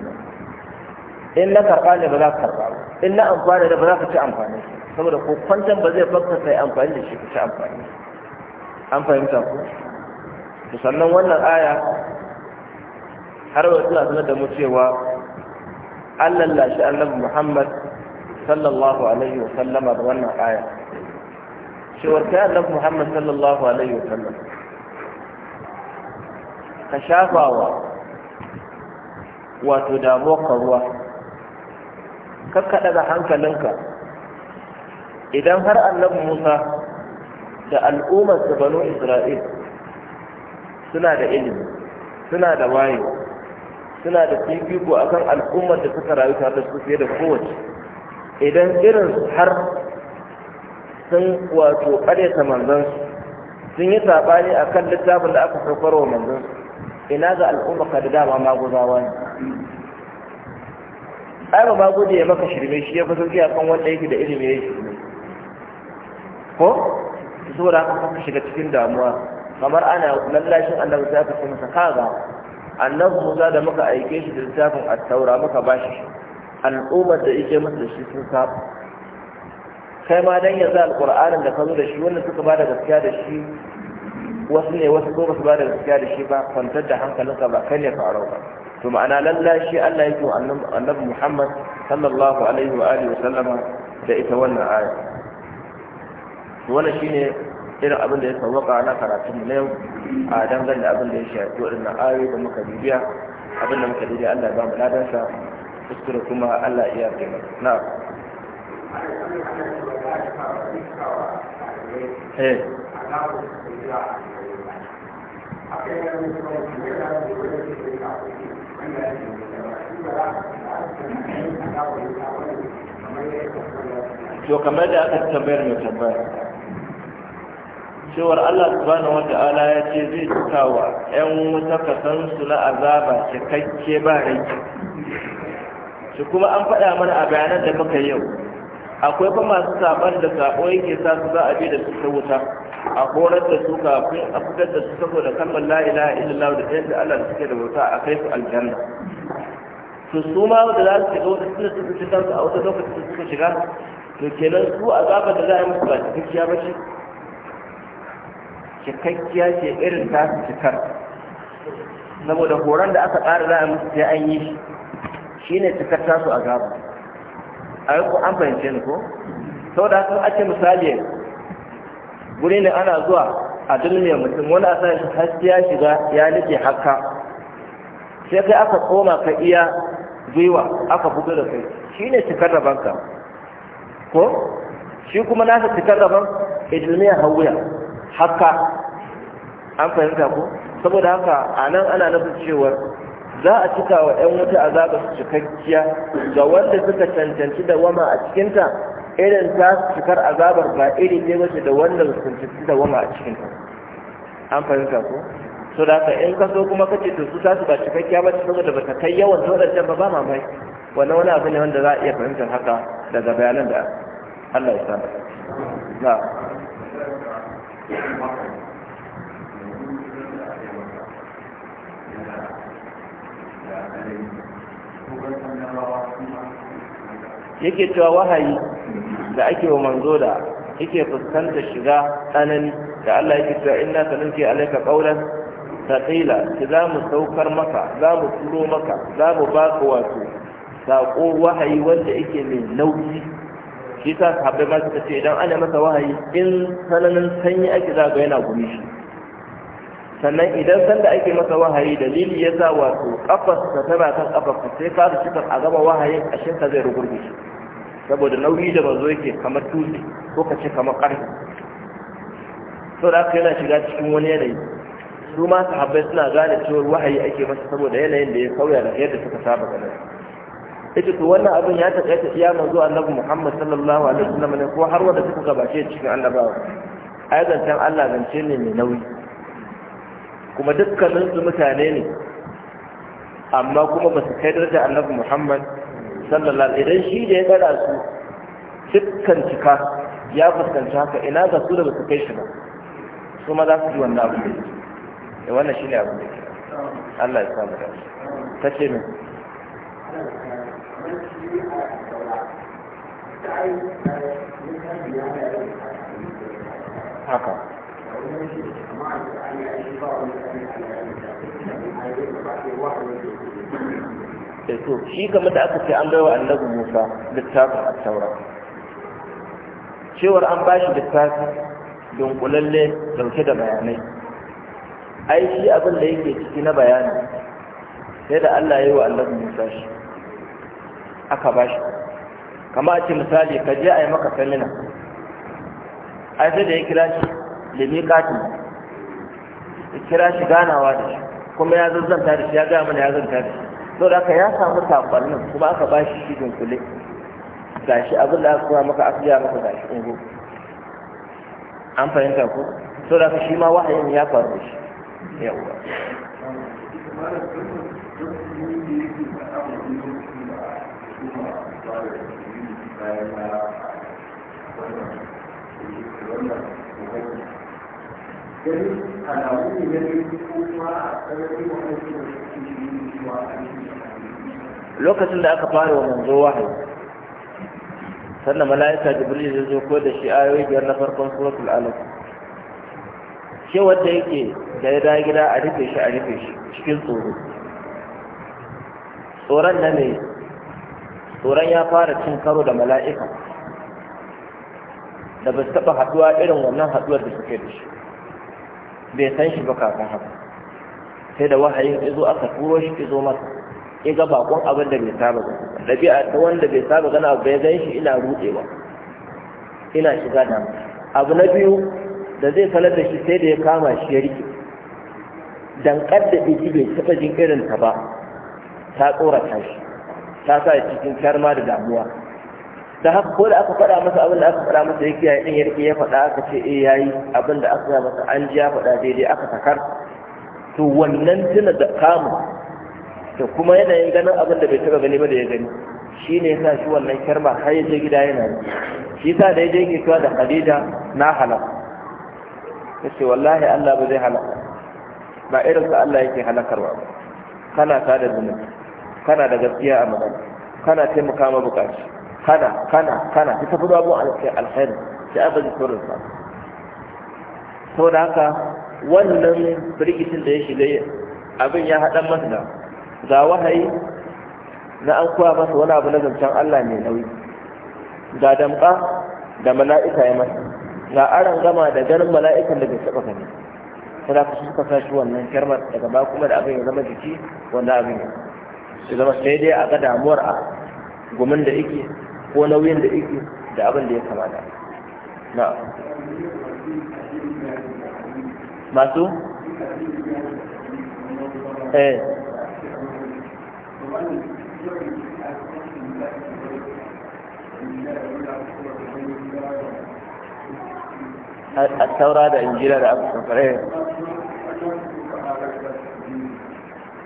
in na karɓa ne ba za ka karɓa ba in na amfani da ba za ka ci amfani saboda kokonton ba zai bakka kai amfani da shi ka ci amfani an fahimta ku to sannan wannan aya har wa suna sanar da mu cewa an lallashi annabi muhammad sallallahu alaihi wa sallama da wannan aya cewar kai Allah Muhammad sallallahu alaihi wasallam ka shafawa wato damuwa ruwa kakkaɗa ga hankalinka idan har annabi Musa da al'ummar da banu Isra'il suna da ilimi suna da waye, suna da fifiko akan al'ummar da suka rayu tare da su fiye da kowace idan irin har sun wato ta manzansu sun yi saɓani a kan littafin da aka saukar wa manzansu ina ga al'umma ka da dama maguzawa ne ai ba magudi ya maka shirme shi ya fi sauki a kan wanda yake da ilimi ya shirme ko saboda haka ka shiga cikin damuwa kamar ana lallashin annabi ta aka ce saka ga annabi Musa da muka aike shi da littafin at-taura muka bashi al'ummar da yake masa shi sun saba kai ma dan yanzu alqur'anin da ka zo da shi wanda suka bada gaskiya da shi wasu ne wasu ko ba su bada gaskiya da shi ba kwantar da hankalinka ba kai ne farau ba to ma'ana lalla shi Allah yake wa annabi Muhammad sallallahu alaihi wa alihi wa sallama da ita wannan aya to wannan shine irin abin da ya sauka na karatun mu na yau a dangane da abin da ya shafi waɗannan ayoyi da muka bibiya abin da muka daidai Allah ya ba mu ladansa kuskure kuma Allah ya kai na Eh. to kamar da aka tambayar mai tambaya cewar Allah subhanahu wata'ala ya ce zai cikawa 'yan wuta kasansu na azaba cikakke ba rai shi kuma an faɗa mana a bayanan da muka yau akwai fa masu saban da sabo yake sa su za a je da su ta wuta a horar da su kafin a fitar da su saboda kalmar la ilaha illallah da yadda da Allah da suke da wuta a kai su aljanna to su ma da za su shiga wata suna su fi a wata lokacin da suka shiga to kenan su azabar da za a yi musu ba cikakkiya ba ce cikakkiya ce irin ta su cikar saboda horon da aka ƙara za a yi musu sai an yi shi shine cikar a gaba. a yi an fahimce ni ko sau da haka ake misali guri ne ana zuwa a dulmiyar mutum wani a sa haske ya shiga ya nike haka sai kai aka koma ka iya gwiwa aka bugu da kai shi ne cikar rabanka ko shi kuma nasa cikar raban idilmiyar hauya haka an fahimta ko saboda haka a nan ana nufin cewar za a cika wa 'yan wuta azaba su cikakkiya ga wanda suka cancanci da wama a cikinta irin ta cikar azabar ba iri ne wace da wanda su cancanci da wama a cikinta an fahimta ko so da ka in kaso kuma kace to su tasu ba cikakkiya ba saboda ba ta kai yawan wadancan ba ba mamaki wannan wani abu ne wanda za a iya fahimtar haka daga bayanan da Allah ya sa na yake cewa wahayi da ake wa manzo da yake fuskanta shiga tsanani da Allah yake cewa inna sanuki alayka qaulan thaqila ki za mu saukar maka za mu turo maka za mu baka wato sako wahayi wanda yake mai nauyi shi ta sahabbai ma suka ce idan ana masa wahayi in sananin sanyi ake za ga yana gumi shi sannan idan sanda ake masa wahayi dalili ya sa wato kafarsa tana kan kafarsa sai fara cikar a gama wahayin ashinsa zai rugurbe shi saboda nauyi da mazo yake kamar dutse ko ka ce kamar ƙarfi so da aka yana shiga cikin wani yanayi su ma sahabbai suna gane cewa wahayi ake masa saboda yanayin da ya sauya da yadda suka saba ganin ita to wannan abin ya ta iya manzo annabi Muhammad sallallahu alaihi wasallam ne ko har wanda suka gabace cikin annabawa ayatan Allah zance ne mai nauyi kuma dukkanin su mutane ne amma kuma ba su kai daraja annabi muhammad sallallahu alaihi idan shi da ya kada su dukkan cika ya fuskanci haka ina ga su da ba su kai shi ba su ma za su ji wannan abu da yake da eh, wannan shi ne abu da yake Allah ya samu da shi ta ce min haka da eh, to shi kamar da aka ce an baiwa annabi musa littafin a taura cewar an ba shi don dunkulalle dauke da bayanai ai shi abin da yake ciki na bayani sai da allah ya yi wa annabi musa shi aka bashi kamar kama a ce misali ka je a yi maka samina ai sai da ya kira shi limi katin kira shi ganawa da shi kuma ya zazzanta da shi ya gaya mana ya zanta da shi to da aka ya samu sakonnin kuma aka ba shi shi dunkule shi abin da aka kuma maka aka gaya maka shi ungo an fahimta ku to da aka shi ma wahayin ya faru da shi yawwa Thank you. gani alamu ne na ne kuma a tsarki wa aiki da suke shi zuwa aiki lokacin da aka fara wa manzo wahayi sannan mala'ika jibril zai zo ko da shi ayoyi biyar na farkon suratul alaq shi wanda yake da ya da gida a rufe shi a rufe shi cikin tsoro tsoron na ne tsoron ya fara cin karo da mala'ika da ba su taɓa haɗuwa irin wannan haɗuwar da suke da shi bai san shi ba kafin haka sai da wahayin izo aka turo shi izo masa ya ga bakon abin da bai saba ba ɗabi'a ta wanda bai saba gana abu ya gan shi ina rudewa ina shiga da abu na biyu da zai sanar da shi sai da ya kama shi ya rike dan kadda iji bai taɓa jin irin ta ba ta tsorata shi ta sa cikin karma da damuwa da haka ko da aka faɗa masa abin da aka faɗa masa ya kiyaye ɗin yarki ya faɗa aka ce eh yayi abin da aka masa an ji ya faɗa daidai aka takar, to wannan tuna da kamu da kuma yanayin ganin abin da bai taɓa gani ba da ya gani shi ne sa shi wannan kyarma har ya je gida yana yi shi sa da ya je yake da khadija na halaka ya ce wallahi allah ba zai halaka ba irin sa allah yake halakarwa ba kana ta da zunubi kana da gaskiya a magana kana taimaka ma bukaci kana kana kana ta tafi babu alkhairi sai aka ji turin sa to da haka wannan firgitin da ya shiga abin ya haɗa masa da ga wahayi na an koya masa wani abu na zancen Allah mai nauyi ga damƙa da mala'ika ya masa ga aran gama da ganin mala'ikan da bai taɓa gani sai ku suka sa shi wannan kyarmar daga ba kuma da abin ya zama jiki wanda abin ya zama sai dai a ga damuwar a gumin da yake ko nauyin da yake da abin da ya kamata na masu eh a saura da injira da aka kamfare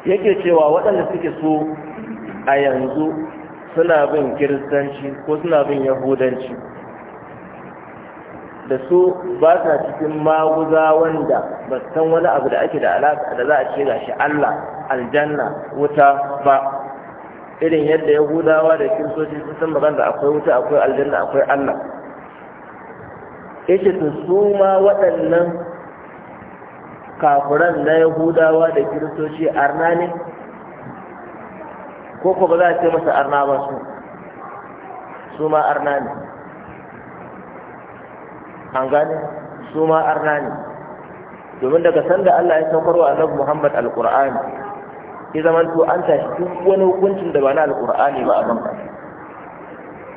yake cewa waɗanda suke so a yanzu suna bin kiristanci ko suna bin yahudanci da su ba sa cikin maguza wanda ba san wani abu da ake da alaƙa da za a ce gashi Allah aljanna wuta ba irin yadda yahudawa da kiristoci sun san magana akwai wuta akwai aljanna akwai Allah yake to su ma waɗannan kafiran na yahudawa da kiristoci arna ne ko ko ba za a ce masa arna ba su su ma arna ne an gane su ma arna ne domin daga sanda Allah ya saukar wa annabi Muhammad alqur'ani ya zaman to an tashi duk wani hukuncin da ba na alqur'ani ba a kan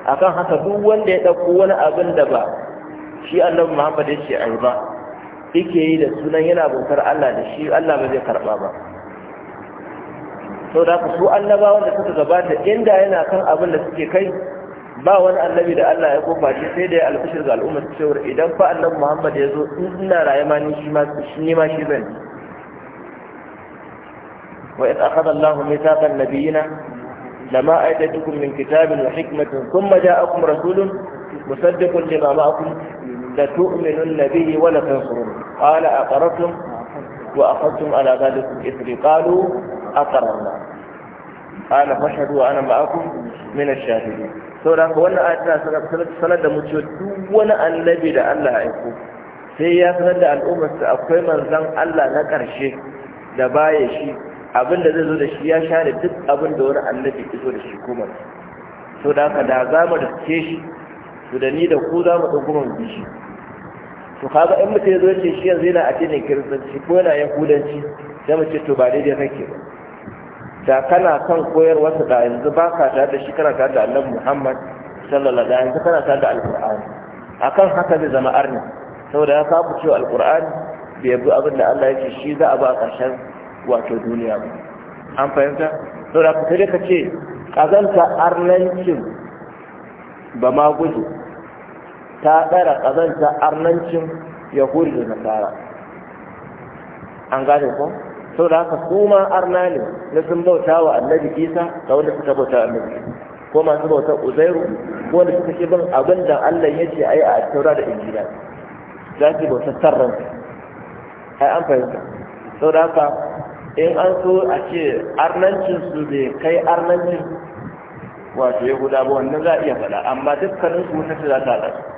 akan haka duk wanda ya dauko wani abin da ba shi annabi Muhammad ya ce ai ba yake yi da sunan yana bautar Allah da shi Allah ba zai karba ba sau da su annabawan da suka gabata inda yana kan abin da suke kai ba wani annabi da Allah ya kofa shi sai da ya alfashir ga al'ummar cewar idan fa annabi Muhammad ya zo in ina raye ma ni shi ma shi ma shi zan wa idh akhadha Allahu mithaqan nabiyina lama aitatukum min kitabin wa hikmatin thumma ja'akum rasulun musaddiqun lima ma'akum la tu'minun nabiyyi wa la tansurun qala aqarrtum وأخذتم على ذلك الإثر قالوا أقررنا a فاشهدوا أنا معكم من الشاهدين da haka wannan ayat tana sanar da mu duk wani annabi da Allah ya aiko sai ya sanar da al'ummarsa akwai manzan Allah na ƙarshe da baya shi abinda zai zo da shi ya share duk abin da wani annabi ya zo da shi kuma da haka da za mu ke shi su da ni da ku za mu ɗauki mu bi shi to kaga in mutum ya zo ce shi yanzu yana addinin kiristanci ko yana yahudanci sai mu ce to ba daidai kake ba da kana kan koyarwarsa da yanzu ba ka tare da shi kana tare da annabi muhammad sallallahu alaihi yanzu kana tare da alqur'ani akan haka zai zama arni saboda ya kafu cewa alqur'ani bai bi abin da Allah yake shi za a ba a karshen wato duniya ba an fahimta saboda ka sai ka ce kazanta arnancin ba ma gudu ta ɗara ƙazanta arnancin yahudi da nasara an gane ko sau da haka kuma arna ne na sun bauta wa annabi isa da wanda suka bauta wa annabi ko masu bautar uzairu ko wanda suka ke bin abin da allah ya ce yi a taura da injila za su bautar sarran ai an fahimta sau da haka in an so a ce arnancin su zai kai arnancin wato yahuda ba wannan za a iya faɗa amma dukkanin su wuta za ta haɗa